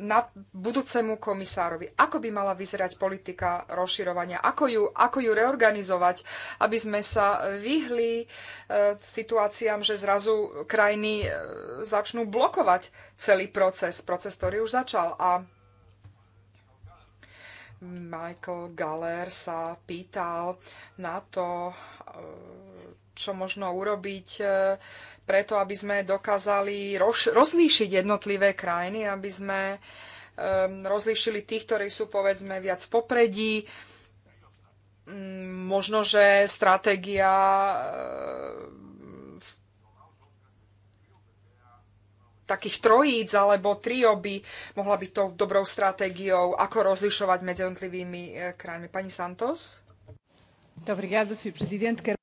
na budúcemu komisárovi, ako by mala vyzerať politika rozširovania, ako ju, ako ju reorganizovať, aby sme sa vyhli e, situáciám, že zrazu krajiny e, začnú blokovať celý proces, proces, ktorý už začal. A Michael Galler sa pýtal na to, e, čo možno urobiť e, preto, aby sme dokázali roz, rozlíšiť jednotlivé krajiny, aby sme rozlíšili tých, ktorí sú povedzme viac popredí. Mm, možno, že stratégia e, takých trojíc alebo trioby mohla byť tou dobrou stratégiou, ako rozlišovať medzi jednotlivými e, krajmi. Pani Santos? Obrigada, Sr. Presidente.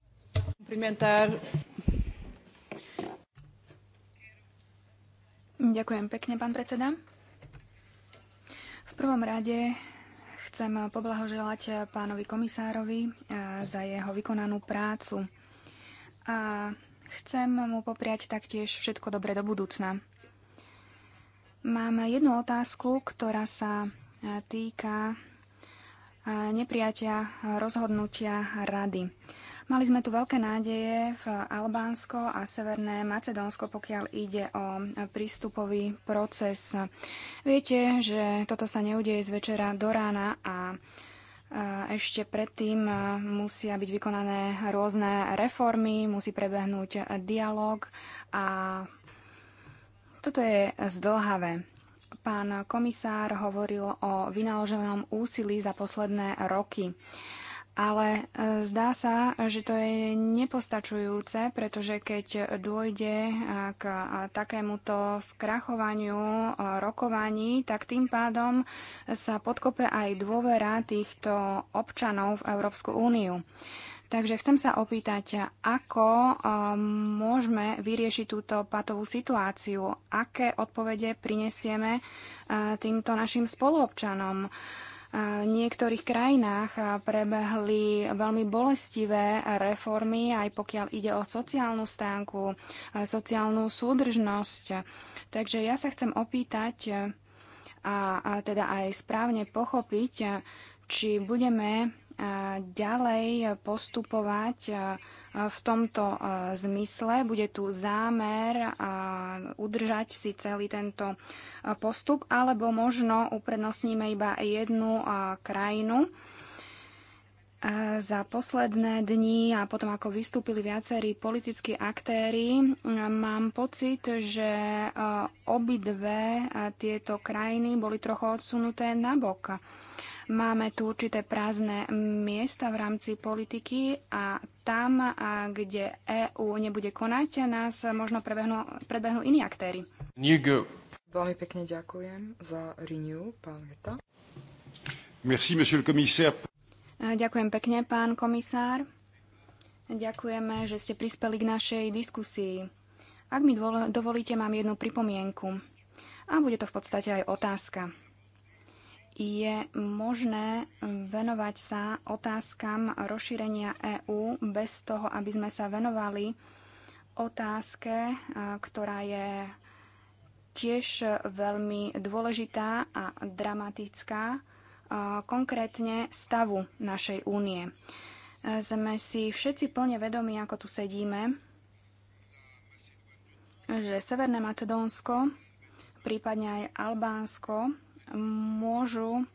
Ďakujem pekne, pán predseda. V prvom rade chcem poblahoželať pánovi komisárovi eh, za jeho vykonanú prácu a chcem mu popriať taktiež všetko dobre do budúcna. Mám jednu otázku, ktorá sa eh, týka eh, nepriatia rozhodnutia rady. Mali sme tu veľké nádeje v Albánsko a Severné Macedónsko, pokiaľ ide o prístupový proces. Viete, že toto sa neudeje z večera do rána a ešte predtým musia byť vykonané rôzne reformy, musí prebehnúť dialog a toto je zdlhavé. Pán komisár hovoril o vynaloženom úsilí za posledné roky. Ale e, zdá sa, že to je nepostačujúce, pretože keď dôjde e, k e, takémuto skrachovaniu rokovaní, tak tým pádom sa podkope aj dôvera týchto občanov v Európsku úniu. Takže chcem sa opýtať, ako môžeme vyriešiť túto patovú situáciu? Aké odpovede prinesieme týmto našim spoluobčanom? niektorých krajinách prebehli veľmi bolestivé reformy, aj pokiaľ ide o sociálnu stánku, sociálnu súdržnosť. Takže ja sa chcem opýtať a, a teda aj správne pochopiť, či budeme ďalej postupovať v tomto e, zmysle. Bude tu zámer e, udržať si celý tento e, postup, alebo možno uprednostníme iba jednu krajinu. Za posledné dni a potom ako vystúpili viacerí politickí aktéry, mám pocit, že obidve tieto krajiny boli trochu odsunuté nabok. Máme tu určité prázdne miesta v rámci politiky a tam, a kde EÚ nebude konať, nás možno prebehnú, prebehnú iní aktéry. Veľmi pekne ďakujem za Renew, pán Veta. Merci, monsieur le commissaire. Ďakujem pekne, pán komisár. Ďakujeme, že ste prispeli k našej diskusii. Ak mi dovolíte, mám jednu pripomienku. A bude to v podstate aj otázka je možné mm, venovať sa otázkam rozšírenia EÚ bez toho, aby sme sa venovali otázke, ktorá je tiež veľmi dôležitá a dramatická, konkrétne stavu našej únie. E, sme si všetci plne vedomi, ako tu sedíme, že Severné Macedónsko, prípadne aj Albánsko, môžu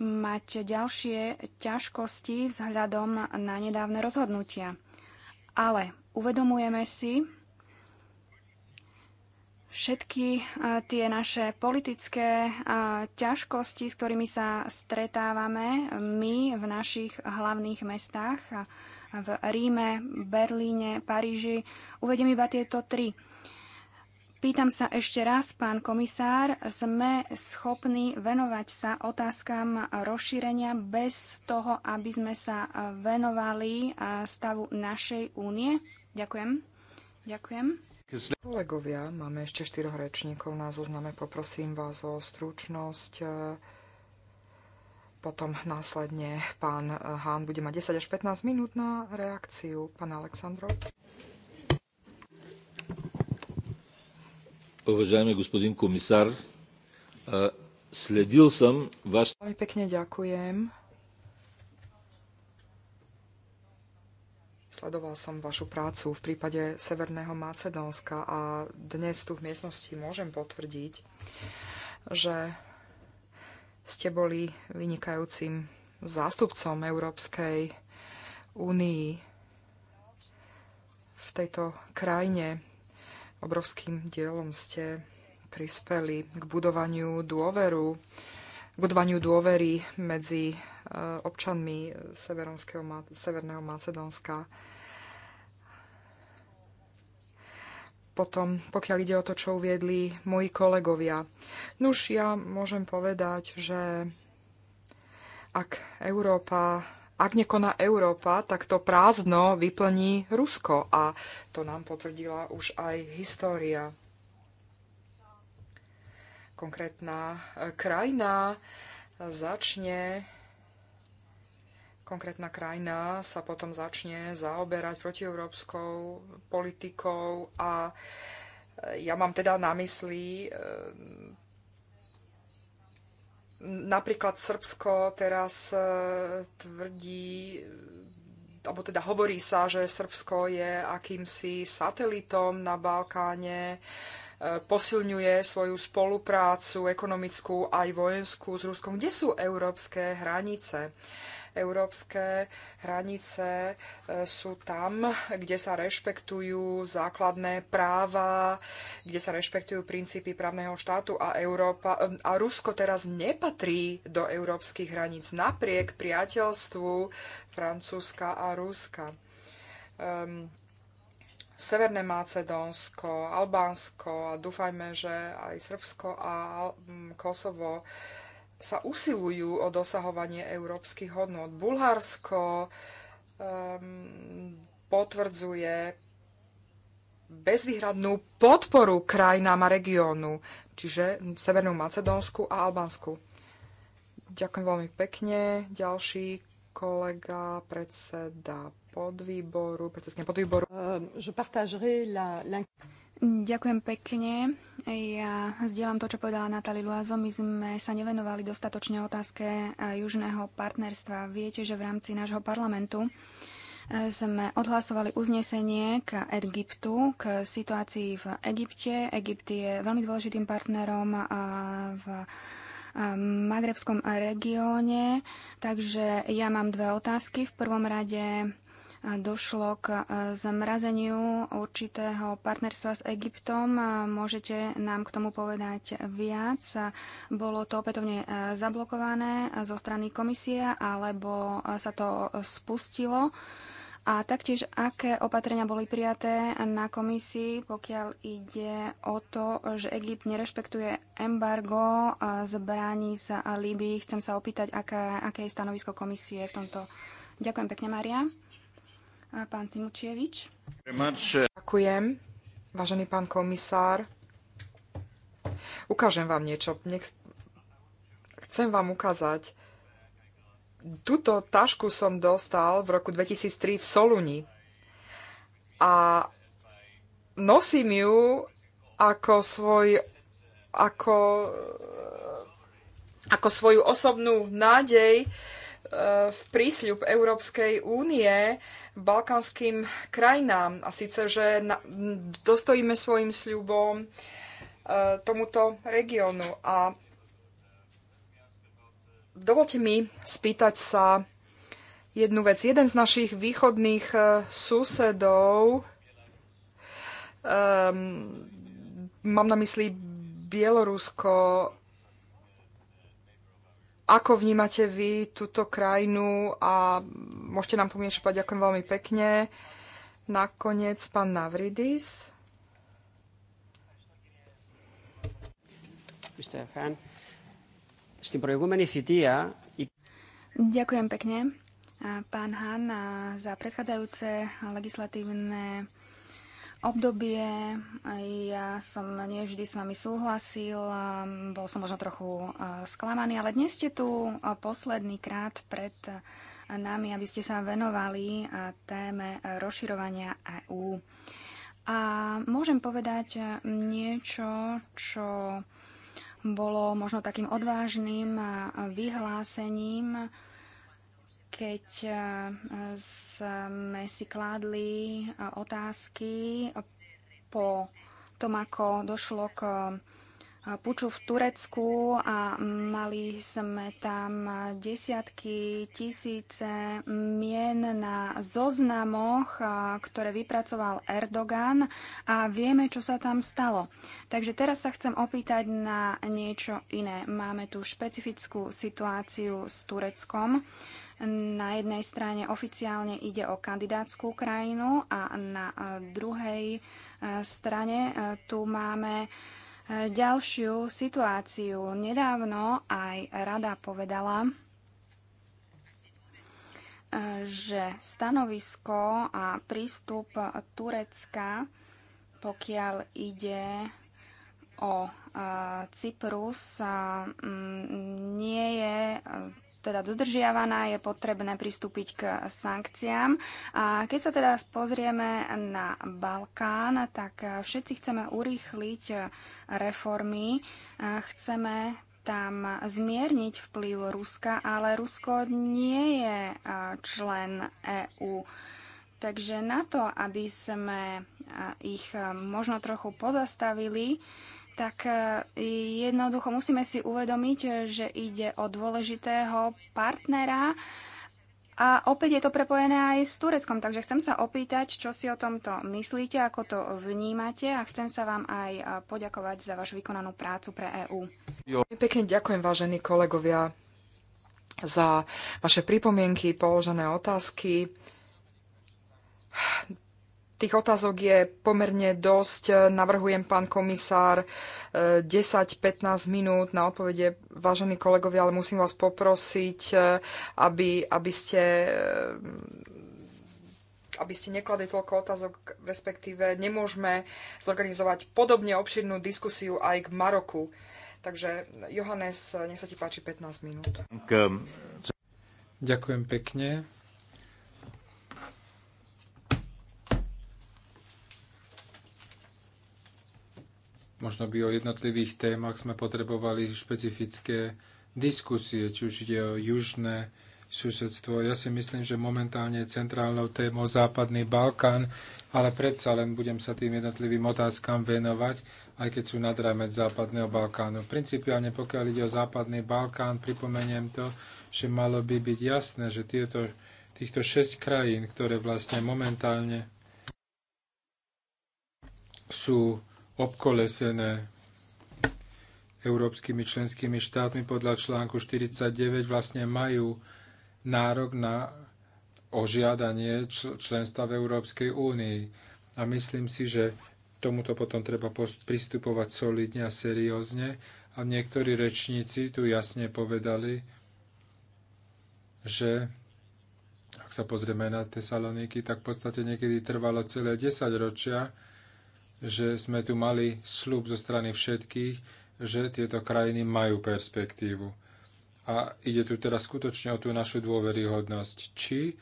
mať ďalšie ťažkosti vzhľadom na nedávne rozhodnutia. Ale uvedomujeme si všetky tie naše politické ťažkosti, s ktorými sa stretávame my v našich hlavných mestách v Ríme, Berlíne, Paríži. Uvedem iba tieto tri. Pýtam sa ešte raz, pán komisár, sme schopní venovať sa otázkam rozšírenia bez toho, aby sme sa venovali stavu našej únie? Ďakujem. Ďakujem. Kolegovia, máme ešte štyroch rečníkov na zozname. Poprosím vás o stručnosť. Potom následne pán Hán bude mať 10 až 15 minút na reakciu. Pán Aleksandrov. Уважаеми господин комисар, sledil som váš... Veľmi pekne ďakujem. Sledoval som vašu prácu v prípade Severného Macedónska a dnes tu v miestnosti môžem potvrdiť, že ste boli vynikajúcim zástupcom Európskej únii v tejto krajine obrovským dielom ste prispeli k budovaniu dôveru, k budovaniu dôvery medzi e, občanmi Severného Macedónska. Potom, pokiaľ ide o to, čo uviedli moji kolegovia. Nuž ja môžem povedať, že ak Európa ak nekoná Európa, tak to prázdno vyplní Rusko a to nám potvrdila už aj história. Konkrétna e, krajina začne konkrétna krajina sa potom začne zaoberať protieurópskou politikou a e, ja mám teda na mysli e, Napríklad Srbsko teraz e, tvrdí, alebo teda hovorí sa, že Srbsko je akýmsi satelitom na Balkáne, e, posilňuje svoju spoluprácu ekonomickú aj vojenskú s Ruskom. Kde sú európske hranice? Európske hranice e, sú tam, kde sa rešpektujú základné práva, kde sa rešpektujú princípy právneho štátu a Európa e, a Rusko teraz nepatrí do európskych hraníc napriek priateľstvu Francúzska a Ruska. Um, Severné Macedónsko, Albánsko a dúfajme, že aj Srbsko a Kosovo sa usilujú o dosahovanie európskych hodnot. Bulharsko um, potvrdzuje bezvýhradnú podporu krajinám a regiónu, čiže Severnú Macedónsku a Albánsku. Ďakujem veľmi pekne. Ďalší kolega, predseda podvýboru, predsedkynia podvýboru. Uh, Ďakujem pekne. Ja zdieľam to, čo povedala Natali Luazo. My sme sa nevenovali dostatočne otázke eh, južného partnerstva. Viete, že v rámci nášho parlamentu eh, sme odhlasovali uznesenie k Egyptu, k situácii v Egypte. Egypt je veľmi dôležitým partnerom eh, v magrebskom regióne. Takže ja mám dve otázky. V prvom rade došlo k e, zmrazeniu určitého partnerstva s Egyptom. Môžete nám k tomu povedať viac? Bolo to opätovne e, zablokované zo strany komisie, alebo e, sa to spustilo? A taktiež, aké opatrenia boli prijaté na komisii, pokiaľ ide o to, že Egypt nerešpektuje embargo zbraní z Líbii. Chcem sa opýtať, aké, aké je stanovisko komisie v tomto. Ďakujem pekne, Maria pán Simučievič. Ďakujem, vážený pán komisár. Ukážem vám niečo. Nech... Chcem vám ukázať. túto tašku som dostal v roku 2003 v Soluni. A nosím ju ako svoj ako, ako svoju osobnú nádej v prísľub Európskej únie balkánským krajinám. A síce, že dostojíme svojim sľubom e, tomuto regiónu. A dovolte mi spýtať sa jednu vec. Jeden z našich východných e, susedov, um, mám na mysli Bielorusko, ako vnímate vy túto krajinu a môžete nám pomôcť, povedať? Ďakujem veľmi pekne. Nakoniec pán Navridis. Ďakujem pekne, pán Han, za predchádzajúce legislatívne obdobie. Ja som nevždy s vami súhlasil, bol som možno trochu e, sklamaný, ale dnes ste tu e, posledný krát pred nami, aby ste sa venovali e, téme rozširovania EÚ. A môžem povedať niečo, čo bolo možno takým odvážnym vyhlásením, keď eh, sme si kládli eh, otázky po tom, ako došlo k eh, puču v Turecku a mali sme tam desiatky tisíce mien na zoznamoch, ktoré vypracoval Erdogan a vieme, čo sa tam stalo. Takže teraz sa chcem opýtať na niečo iné. Máme tu špecifickú situáciu s Tureckom na jednej strane oficiálne ide o kandidátskú krajinu a na e, druhej e, strane e, tu máme ďalšiu situáciu. Nedávno aj rada povedala, že stanovisko a prístup Turecka, pokiaľ ide o Cyprus, nie je teda dodržiavaná, je potrebné pristúpiť k sankciám. A keď sa teda pozrieme na Balkán, tak všetci chceme urýchliť reformy, chceme tam zmierniť vplyv Ruska, ale Rusko nie je člen EÚ. Takže na to, aby sme ich možno trochu pozastavili, tak e, jednoducho musíme si uvedomiť, e, že ide o dôležitého partnera a opäť je to prepojené aj s Tureckom. Takže chcem sa opýtať, čo si o tomto myslíte, ako to vnímate a chcem sa vám aj e, poďakovať za vašu vykonanú prácu pre EÚ. Pekne ďakujem, vážení kolegovia, za vaše pripomienky, položené otázky Tých otázok je pomerne dosť. Navrhujem, pán komisár, 10-15 minút na odpovede, vážení kolegovia, ale musím vás poprosiť, aby, aby ste aby ste nekladli toľko otázok, respektíve nemôžeme zorganizovať podobne obširnú diskusiu aj k Maroku. Takže Johannes, nech sa ti páči 15 minút. Ďakujem pekne. Možno by o jednotlivých témach sme potrebovali špecifické diskusie, či už ide o južné susedstvo. Ja si myslím, že momentálne je centrálnou témou Západný Balkán, ale predsa len budem sa tým jednotlivým otázkam venovať, aj keď sú nad rámec Západného Balkánu. Principiálne, pokiaľ ide o Západný Balkán, pripomeniem to, že malo by byť jasné, že tieto, týchto 6 krajín, ktoré vlastne momentálne sú obkolesené európskymi členskými štátmi podľa článku 49 vlastne majú nárok na ožiadanie členstva v Európskej únii. A myslím si, že tomuto potom treba pristupovať solidne a seriózne. A niektorí rečníci tu jasne povedali, že ak sa pozrieme na Tesaloniky, tak v podstate niekedy trvalo celé 10 ročia, že sme tu mali slúb zo strany všetkých, že tieto krajiny majú perspektívu. A ide tu teraz skutočne o tú našu dôveryhodnosť. Či,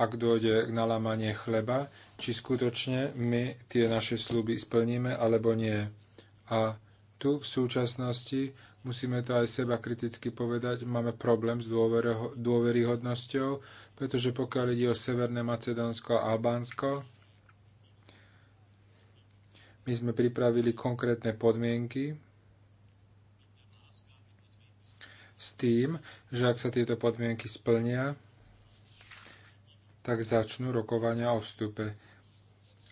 ak dôjde k nalámanie chleba, či skutočne my tie naše sluby splníme, alebo nie. A tu v súčasnosti, musíme to aj seba kriticky povedať, máme problém s dôveryhodnosťou, pretože pokiaľ ide o Severné Macedónsko a Albánsko, my sme pripravili konkrétne podmienky s tým, že ak sa tieto podmienky splnia, tak začnú rokovania o vstupe.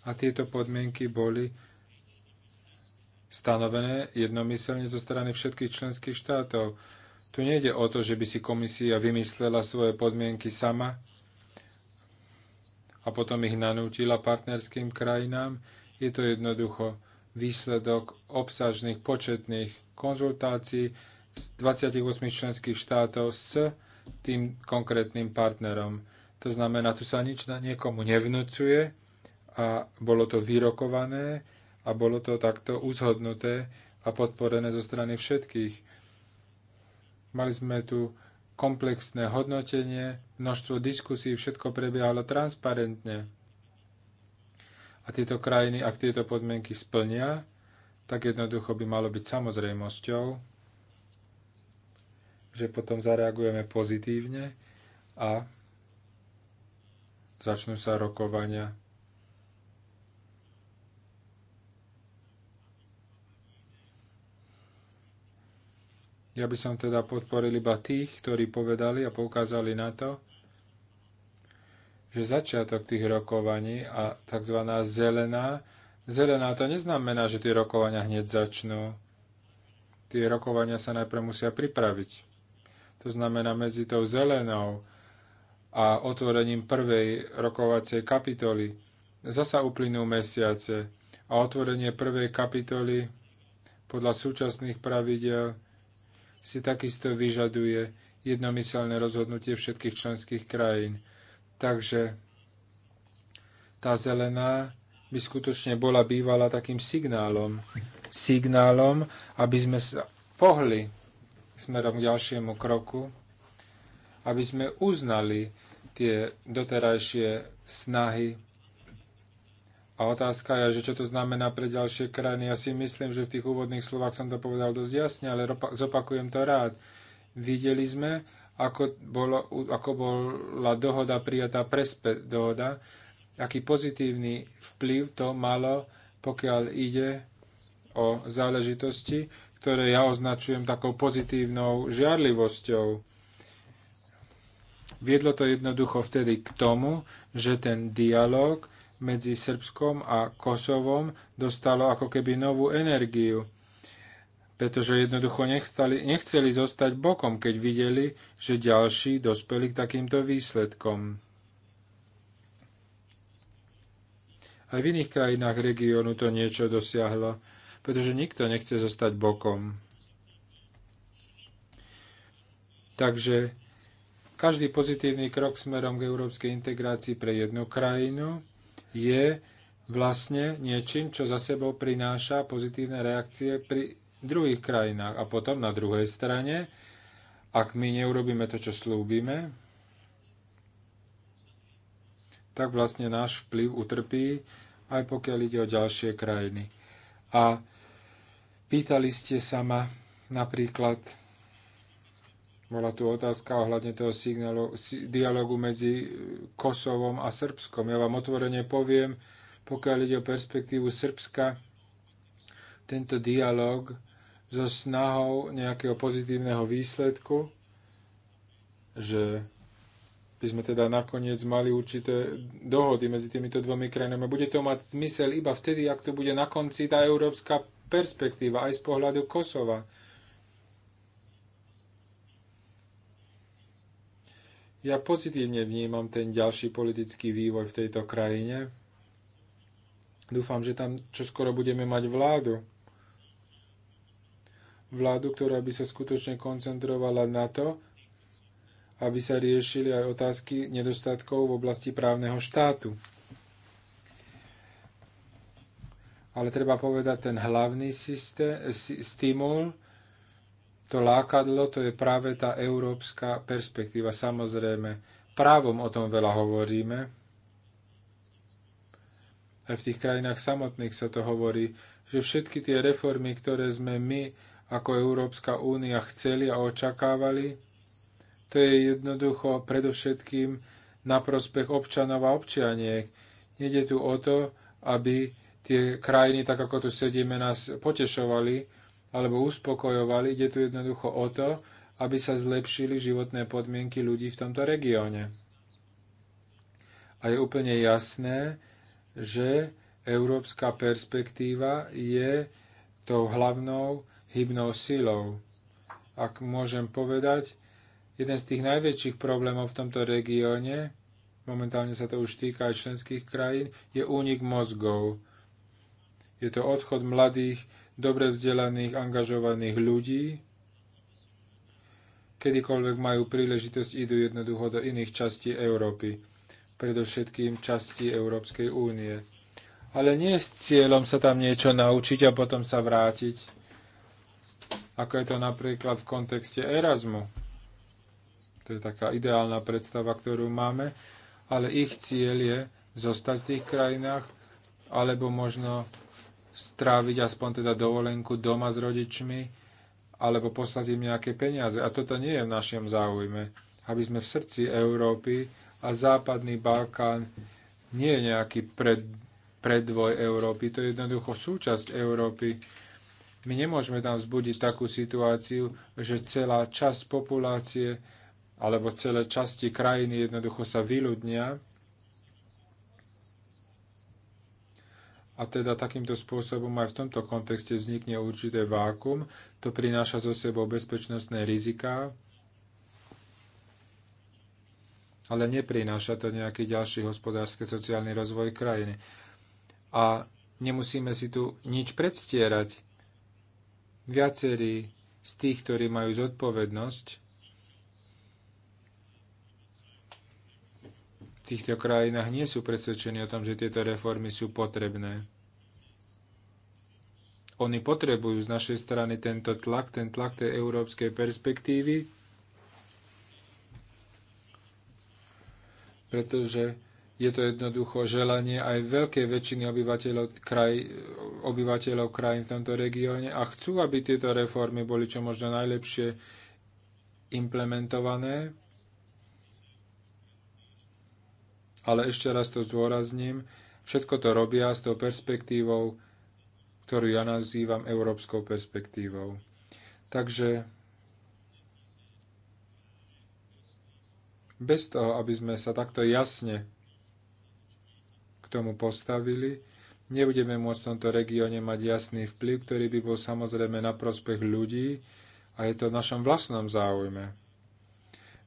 A tieto podmienky boli stanovené jednomyselne zo strany všetkých členských štátov. Tu nejde o to, že by si komisia vymyslela svoje podmienky sama a potom ich nanútila partnerským krajinám. Je to jednoducho výsledok obsažných početných konzultácií z 28 členských štátov s tým konkrétnym partnerom. To znamená, tu sa nič na niekomu nevnúcuje a bolo to vyrokované a bolo to takto uzhodnuté a podporené zo strany všetkých. Mali sme tu komplexné hodnotenie, množstvo diskusí, všetko prebiehalo transparentne. A tieto krajiny, ak tieto podmienky splnia, tak jednoducho by malo byť samozrejmosťou, že potom zareagujeme pozitívne a začnú sa rokovania. Ja by som teda podporil iba tých, ktorí povedali a poukázali na to, že začiatok tých rokovaní a tzv. zelená, zelená to neznamená, že tie rokovania hneď začnú. Tie rokovania sa najprv musia pripraviť. To znamená, medzi tou zelenou a otvorením prvej rokovacej kapitoly zasa uplynú mesiace a otvorenie prvej kapitoly podľa súčasných pravidel si takisto vyžaduje jednomyselné rozhodnutie všetkých členských krajín. Takže tá zelená by skutočne bola bývala takým signálom, signálom, aby sme sa pohli smerom k ďalšiemu kroku, aby sme uznali tie doterajšie snahy. A otázka je, že čo to znamená pre ďalšie krajiny. Ja si myslím, že v tých úvodných slovách som to povedal dosť jasne, ale zopakujem to rád. Videli sme, ako, bolo, ako bola dohoda prijatá prespäť dohoda, aký pozitívny vplyv to malo, pokiaľ ide o záležitosti, ktoré ja označujem takou pozitívnou žiarlivosťou. Viedlo to jednoducho vtedy k tomu, že ten dialog medzi Srbskom a Kosovom dostalo ako keby novú energiu pretože jednoducho nechceli, nechceli zostať bokom, keď videli, že ďalší dospeli k takýmto výsledkom. Aj v iných krajinách regiónu to niečo dosiahlo, pretože nikto nechce zostať bokom. Takže každý pozitívny krok smerom k európskej integrácii pre jednu krajinu je vlastne niečím, čo za sebou prináša pozitívne reakcie pri v druhých krajinách. A potom na druhej strane, ak my neurobíme to, čo slúbime, tak vlastne náš vplyv utrpí, aj pokiaľ ide o ďalšie krajiny. A pýtali ste sa ma napríklad, bola tu otázka ohľadne toho signálu, dialogu medzi Kosovom a Srbskom. Ja vám otvorene poviem, pokiaľ ide o perspektívu Srbska, tento dialog so snahou nejakého pozitívneho výsledku, že by sme teda nakoniec mali určité dohody medzi týmito dvomi krajinami. Bude to mať zmysel iba vtedy, ak to bude na konci tá európska perspektíva, aj z pohľadu Kosova. Ja pozitívne vnímam ten ďalší politický vývoj v tejto krajine. Dúfam, že tam čoskoro budeme mať vládu vládu, ktorá by sa skutočne koncentrovala na to, aby sa riešili aj otázky nedostatkov v oblasti právneho štátu. Ale treba povedať, ten hlavný systém, stimul, to lákadlo, to je práve tá európska perspektíva. Samozrejme, právom o tom veľa hovoríme. Aj v tých krajinách samotných sa to hovorí, že všetky tie reformy, ktoré sme my ako Európska únia chceli a očakávali. To je jednoducho predovšetkým na prospech občanov a občianiek. Nede tu o to, aby tie krajiny, tak ako tu sedíme, nás potešovali alebo uspokojovali. Ide tu jednoducho o to, aby sa zlepšili životné podmienky ľudí v tomto regióne. A je úplne jasné, že európska perspektíva je tou hlavnou hybnou silou. Ak môžem povedať, jeden z tých najväčších problémov v tomto regióne, momentálne sa to už týka aj členských krajín, je únik mozgov. Je to odchod mladých, dobre vzdelaných, angažovaných ľudí. Kedykoľvek majú príležitosť, idú jednoducho do iných častí Európy, predovšetkým časti Európskej únie. Ale nie s cieľom sa tam niečo naučiť a potom sa vrátiť ako je to napríklad v kontexte Erasmu. To je taká ideálna predstava, ktorú máme, ale ich cieľ je zostať v tých krajinách alebo možno stráviť aspoň teda dovolenku doma s rodičmi alebo poslať im nejaké peniaze. A toto nie je v našom záujme, aby sme v srdci Európy a západný Balkán nie je nejaký pred, predvoj Európy, to je jednoducho súčasť Európy my nemôžeme tam vzbudiť takú situáciu, že celá časť populácie alebo celé časti krajiny jednoducho sa vyľudnia a teda takýmto spôsobom aj v tomto kontexte vznikne určité vákum. To prináša zo sebou bezpečnostné riziká, ale neprináša to nejaký ďalší hospodársky sociálny rozvoj krajiny. A nemusíme si tu nič predstierať viacerí z tých, ktorí majú zodpovednosť v týchto krajinách nie sú presvedčení o tom, že tieto reformy sú potrebné. Oni potrebujú z našej strany tento tlak, ten tlak tej európskej perspektívy, pretože je to jednoducho želanie aj veľkej väčšiny obyvateľov, kraj, obyvateľov krajín v tomto regióne a chcú, aby tieto reformy boli čo možno najlepšie implementované. Ale ešte raz to zdôrazním, všetko to robia s tou perspektívou, ktorú ja nazývam európskou perspektívou. Takže bez toho, aby sme sa takto jasne tomu postavili, nebudeme môcť v tomto regióne mať jasný vplyv, ktorý by bol samozrejme na prospech ľudí a je to v našom vlastnom záujme.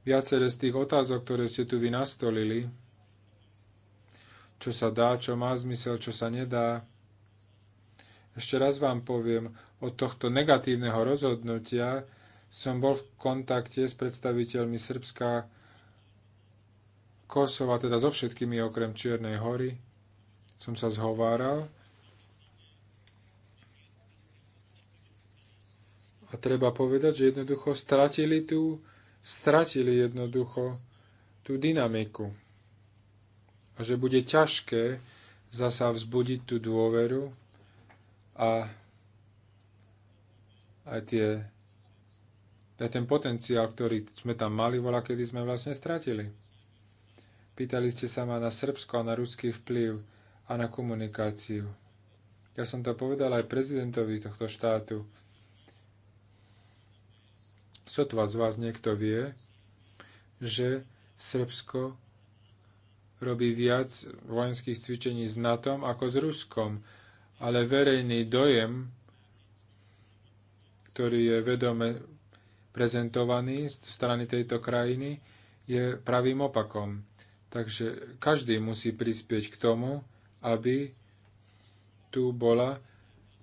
Viacere z tých otázok, ktoré ste tu vy nastolili, čo sa dá, čo má zmysel, čo sa nedá, ešte raz vám poviem, od tohto negatívneho rozhodnutia som bol v kontakte s predstaviteľmi Srbska, Kosova, teda so všetkými okrem Čiernej hory, som sa zhováral. A treba povedať, že jednoducho stratili tú, stratili jednoducho tú dynamiku. A že bude ťažké zasa vzbudiť tú dôveru a aj tie aj ten potenciál, ktorý sme tam mali, voľa kedy sme vlastne stratili. Pýtali ste sa ma na Srbsko a na ruský vplyv a na komunikáciu. Ja som to povedal aj prezidentovi tohto štátu. Sotva z vás niekto vie, že Srbsko robí viac vojenských cvičení s NATO ako s Ruskom, ale verejný dojem, ktorý je vedome prezentovaný z strany tejto krajiny, je pravým opakom. Takže každý musí prispieť k tomu, aby tu bola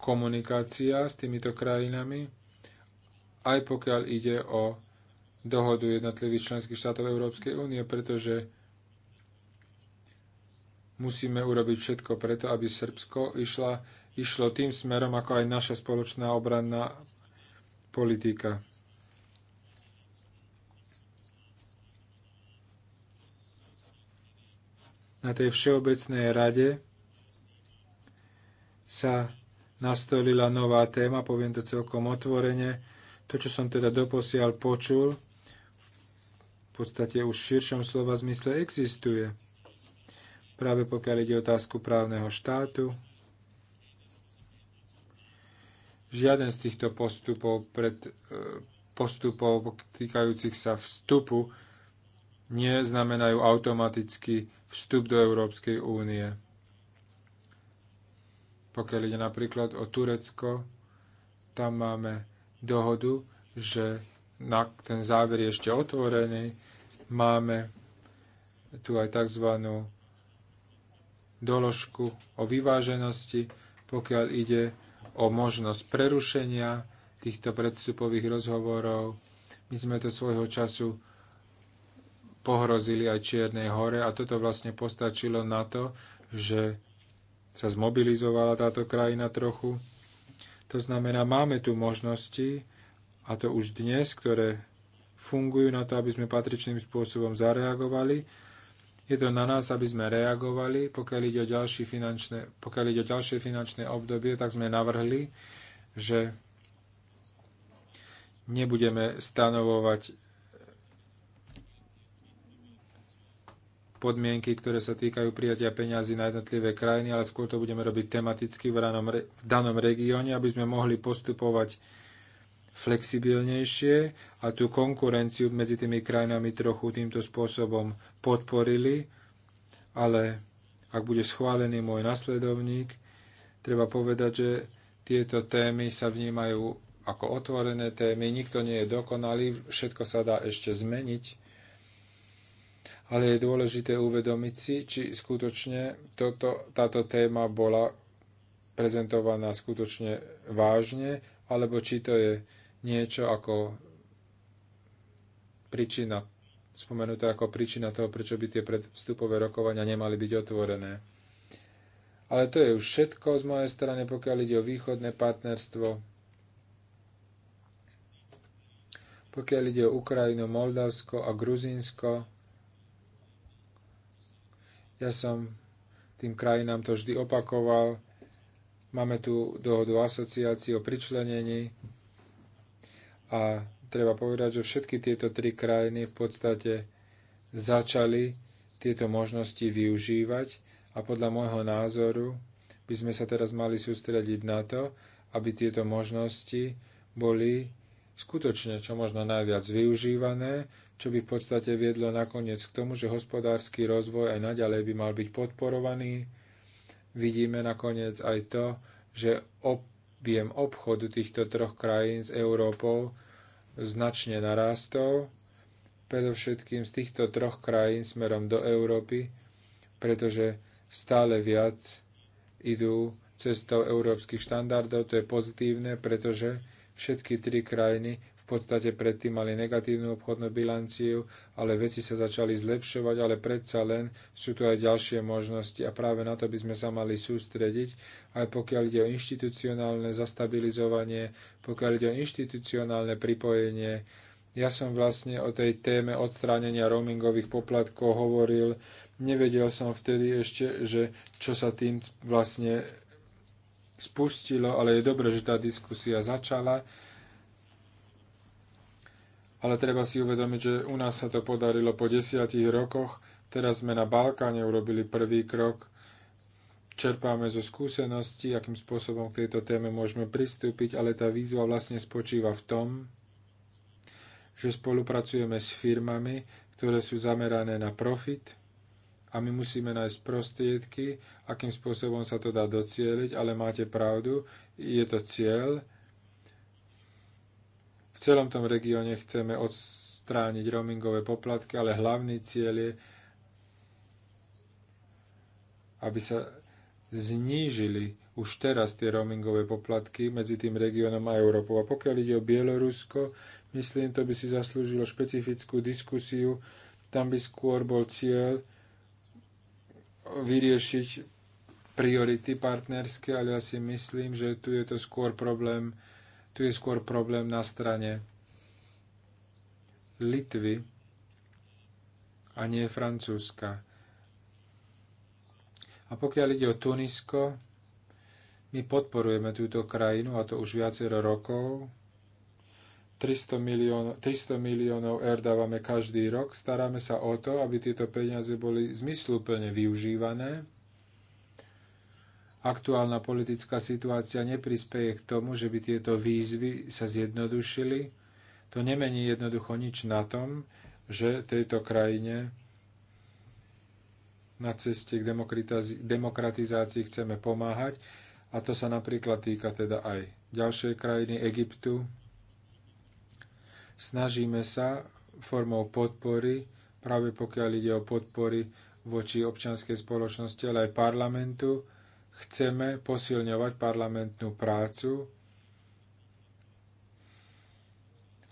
komunikácia s týmito krajinami, aj pokiaľ ide o dohodu jednotlivých členských štátov Európskej únie, pretože musíme urobiť všetko preto, aby Srbsko išla, išlo tým smerom, ako aj naša spoločná obranná politika. Na tej Všeobecnej rade sa nastolila nová téma, poviem to celkom otvorene. To, čo som teda doposiaľ počul, v podstate už v širšom slova zmysle existuje. Práve pokiaľ ide otázku právneho štátu, žiaden z týchto postupov, pred, e, postupov týkajúcich sa vstupu neznamenajú automaticky vstup do Európskej únie. Pokiaľ ide napríklad o Turecko, tam máme dohodu, že na ten záver je ešte otvorený. Máme tu aj tzv. doložku o vyváženosti, pokiaľ ide o možnosť prerušenia týchto predstupových rozhovorov. My sme to svojho času pohrozili aj Čiernej hore a toto vlastne postačilo na to, že sa zmobilizovala táto krajina trochu. To znamená, máme tu možnosti, a to už dnes, ktoré fungujú na to, aby sme patričným spôsobom zareagovali. Je to na nás, aby sme reagovali. Pokiaľ ide o, ďalší finančné, pokiaľ ide o ďalšie finančné obdobie, tak sme navrhli, že nebudeme stanovovať podmienky, ktoré sa týkajú prijatia peňazí na jednotlivé krajiny, ale skôr to budeme robiť tematicky v, ranom, v danom regióne, aby sme mohli postupovať flexibilnejšie a tú konkurenciu medzi tými krajinami trochu týmto spôsobom podporili, ale ak bude schválený môj nasledovník, treba povedať, že tieto témy sa vnímajú ako otvorené témy, nikto nie je dokonalý, všetko sa dá ešte zmeniť ale je dôležité uvedomiť si, či skutočne toto, táto téma bola prezentovaná skutočne vážne, alebo či to je niečo ako príčina, spomenuté ako príčina toho, prečo by tie predvstupové rokovania nemali byť otvorené. Ale to je už všetko z mojej strany, pokiaľ ide o východné partnerstvo. pokiaľ ide o Ukrajinu, Moldavsko a Gruzínsko, ja som tým krajinám to vždy opakoval. Máme tu dohodu asociácií o pričlenení a treba povedať, že všetky tieto tri krajiny v podstate začali tieto možnosti využívať a podľa môjho názoru by sme sa teraz mali sústrediť na to, aby tieto možnosti boli skutočne čo možno najviac využívané, čo by v podstate viedlo nakoniec k tomu, že hospodársky rozvoj aj naďalej by mal byť podporovaný. Vidíme nakoniec aj to, že objem obchodu týchto troch krajín s Európou značne narástol, predovšetkým z týchto troch krajín smerom do Európy, pretože stále viac idú cestou európskych štandardov. To je pozitívne, pretože všetky tri krajiny podstate predtým mali negatívnu obchodnú bilanciu, ale veci sa začali zlepšovať, ale predsa len sú tu aj ďalšie možnosti a práve na to by sme sa mali sústrediť, aj pokiaľ ide o inštitucionálne zastabilizovanie, pokiaľ ide o inštitucionálne pripojenie. Ja som vlastne o tej téme odstránenia roamingových poplatkov hovoril, nevedel som vtedy ešte, že čo sa tým vlastne spustilo, ale je dobré, že tá diskusia začala ale treba si uvedomiť, že u nás sa to podarilo po desiatich rokoch. Teraz sme na Balkáne urobili prvý krok. Čerpáme zo skúseností, akým spôsobom k tejto téme môžeme pristúpiť, ale tá výzva vlastne spočíva v tom, že spolupracujeme s firmami, ktoré sú zamerané na profit a my musíme nájsť prostriedky, akým spôsobom sa to dá docieliť, ale máte pravdu, je to cieľ, v celom tom regióne chceme odstrániť roamingové poplatky, ale hlavný cieľ je, aby sa znížili už teraz tie roamingové poplatky medzi tým regiónom a Európou. A pokiaľ ide o Bielorusko, myslím, to by si zaslúžilo špecifickú diskusiu. Tam by skôr bol cieľ vyriešiť priority partnerské, ale ja si myslím, že tu je to skôr problém tu je skôr problém na strane Litvy a nie Francúzska. A pokiaľ ide o Tunisko, my podporujeme túto krajinu, a to už viacero rokov. 300 miliónov, 300 miliónov eur dávame každý rok. Staráme sa o to, aby tieto peniaze boli zmysluplne využívané aktuálna politická situácia neprispeje k tomu, že by tieto výzvy sa zjednodušili. To nemení jednoducho nič na tom, že tejto krajine na ceste k demokratizácii chceme pomáhať. A to sa napríklad týka teda aj ďalšej krajiny Egyptu. Snažíme sa formou podpory, práve pokiaľ ide o podpory voči občianskej spoločnosti, ale aj parlamentu, chceme posilňovať parlamentnú prácu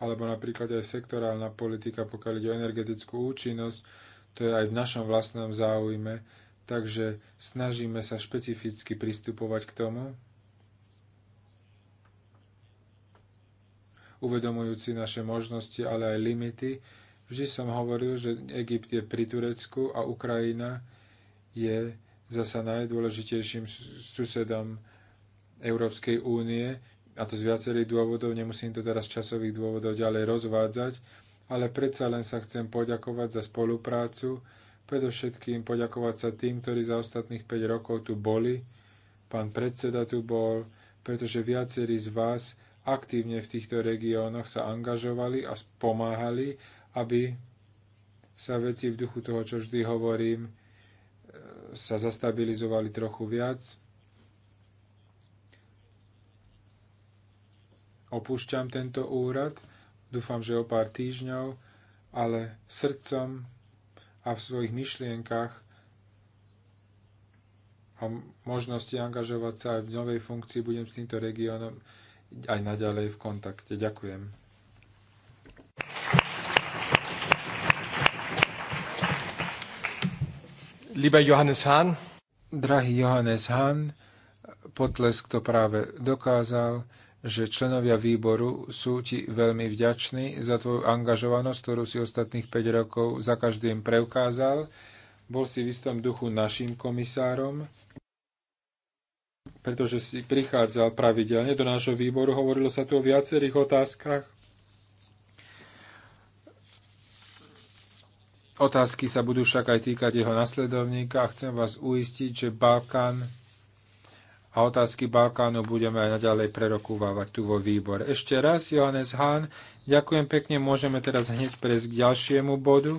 alebo napríklad aj sektorálna politika, pokiaľ ide o energetickú účinnosť, to je aj v našom vlastnom záujme, takže snažíme sa špecificky pristupovať k tomu, uvedomujúci naše možnosti, ale aj limity. Vždy som hovoril, že Egypt je pri Turecku a Ukrajina je zasa najdôležitejším susedom Európskej únie, a to z viacerých dôvodov, nemusím to teraz časových dôvodov ďalej rozvádzať, ale predsa len sa chcem poďakovať za spoluprácu, predovšetkým poďakovať sa tým, ktorí za ostatných 5 rokov tu boli, pán predseda tu bol, pretože viacerí z vás aktívne v týchto regiónoch sa angažovali a pomáhali, aby sa veci v duchu toho, čo vždy hovorím, sa zastabilizovali trochu viac. Opúšťam tento úrad, dúfam, že o pár týždňov, ale srdcom a v svojich myšlienkach a možnosti angažovať sa aj v novej funkcii budem s týmto regiónom aj naďalej v kontakte. Ďakujem. Lieber Johannes Hahn. Drahý Johannes Hahn, potlesk to práve dokázal, že členovia výboru sú ti veľmi vďační za tvoju angažovanosť, ktorú si ostatných 5 rokov za každým preukázal. Bol si v istom duchu našim komisárom, pretože si prichádzal pravidelne do nášho výboru. Hovorilo sa tu o viacerých otázkach, Otázky sa budú však aj týkať jeho nasledovníka. Chcem vás uistiť, že Balkán a otázky Balkánu budeme aj naďalej prerokúvávať tu vo výbore. Ešte raz, Johannes Hahn, ďakujem pekne, môžeme teraz hneď prejsť k ďalšiemu bodu.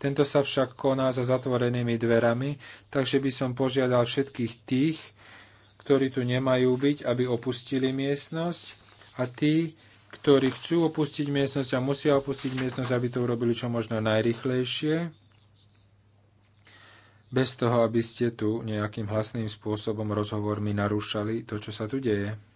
Tento sa však koná za zatvorenými dverami, takže by som požiadal všetkých tých, ktorí tu nemajú byť, aby opustili miestnosť a tí, ktorí chcú opustiť miestnosť a musia opustiť miestnosť, aby to urobili čo možno najrychlejšie, bez toho, aby ste tu nejakým hlasným spôsobom rozhovormi narúšali to, čo sa tu deje.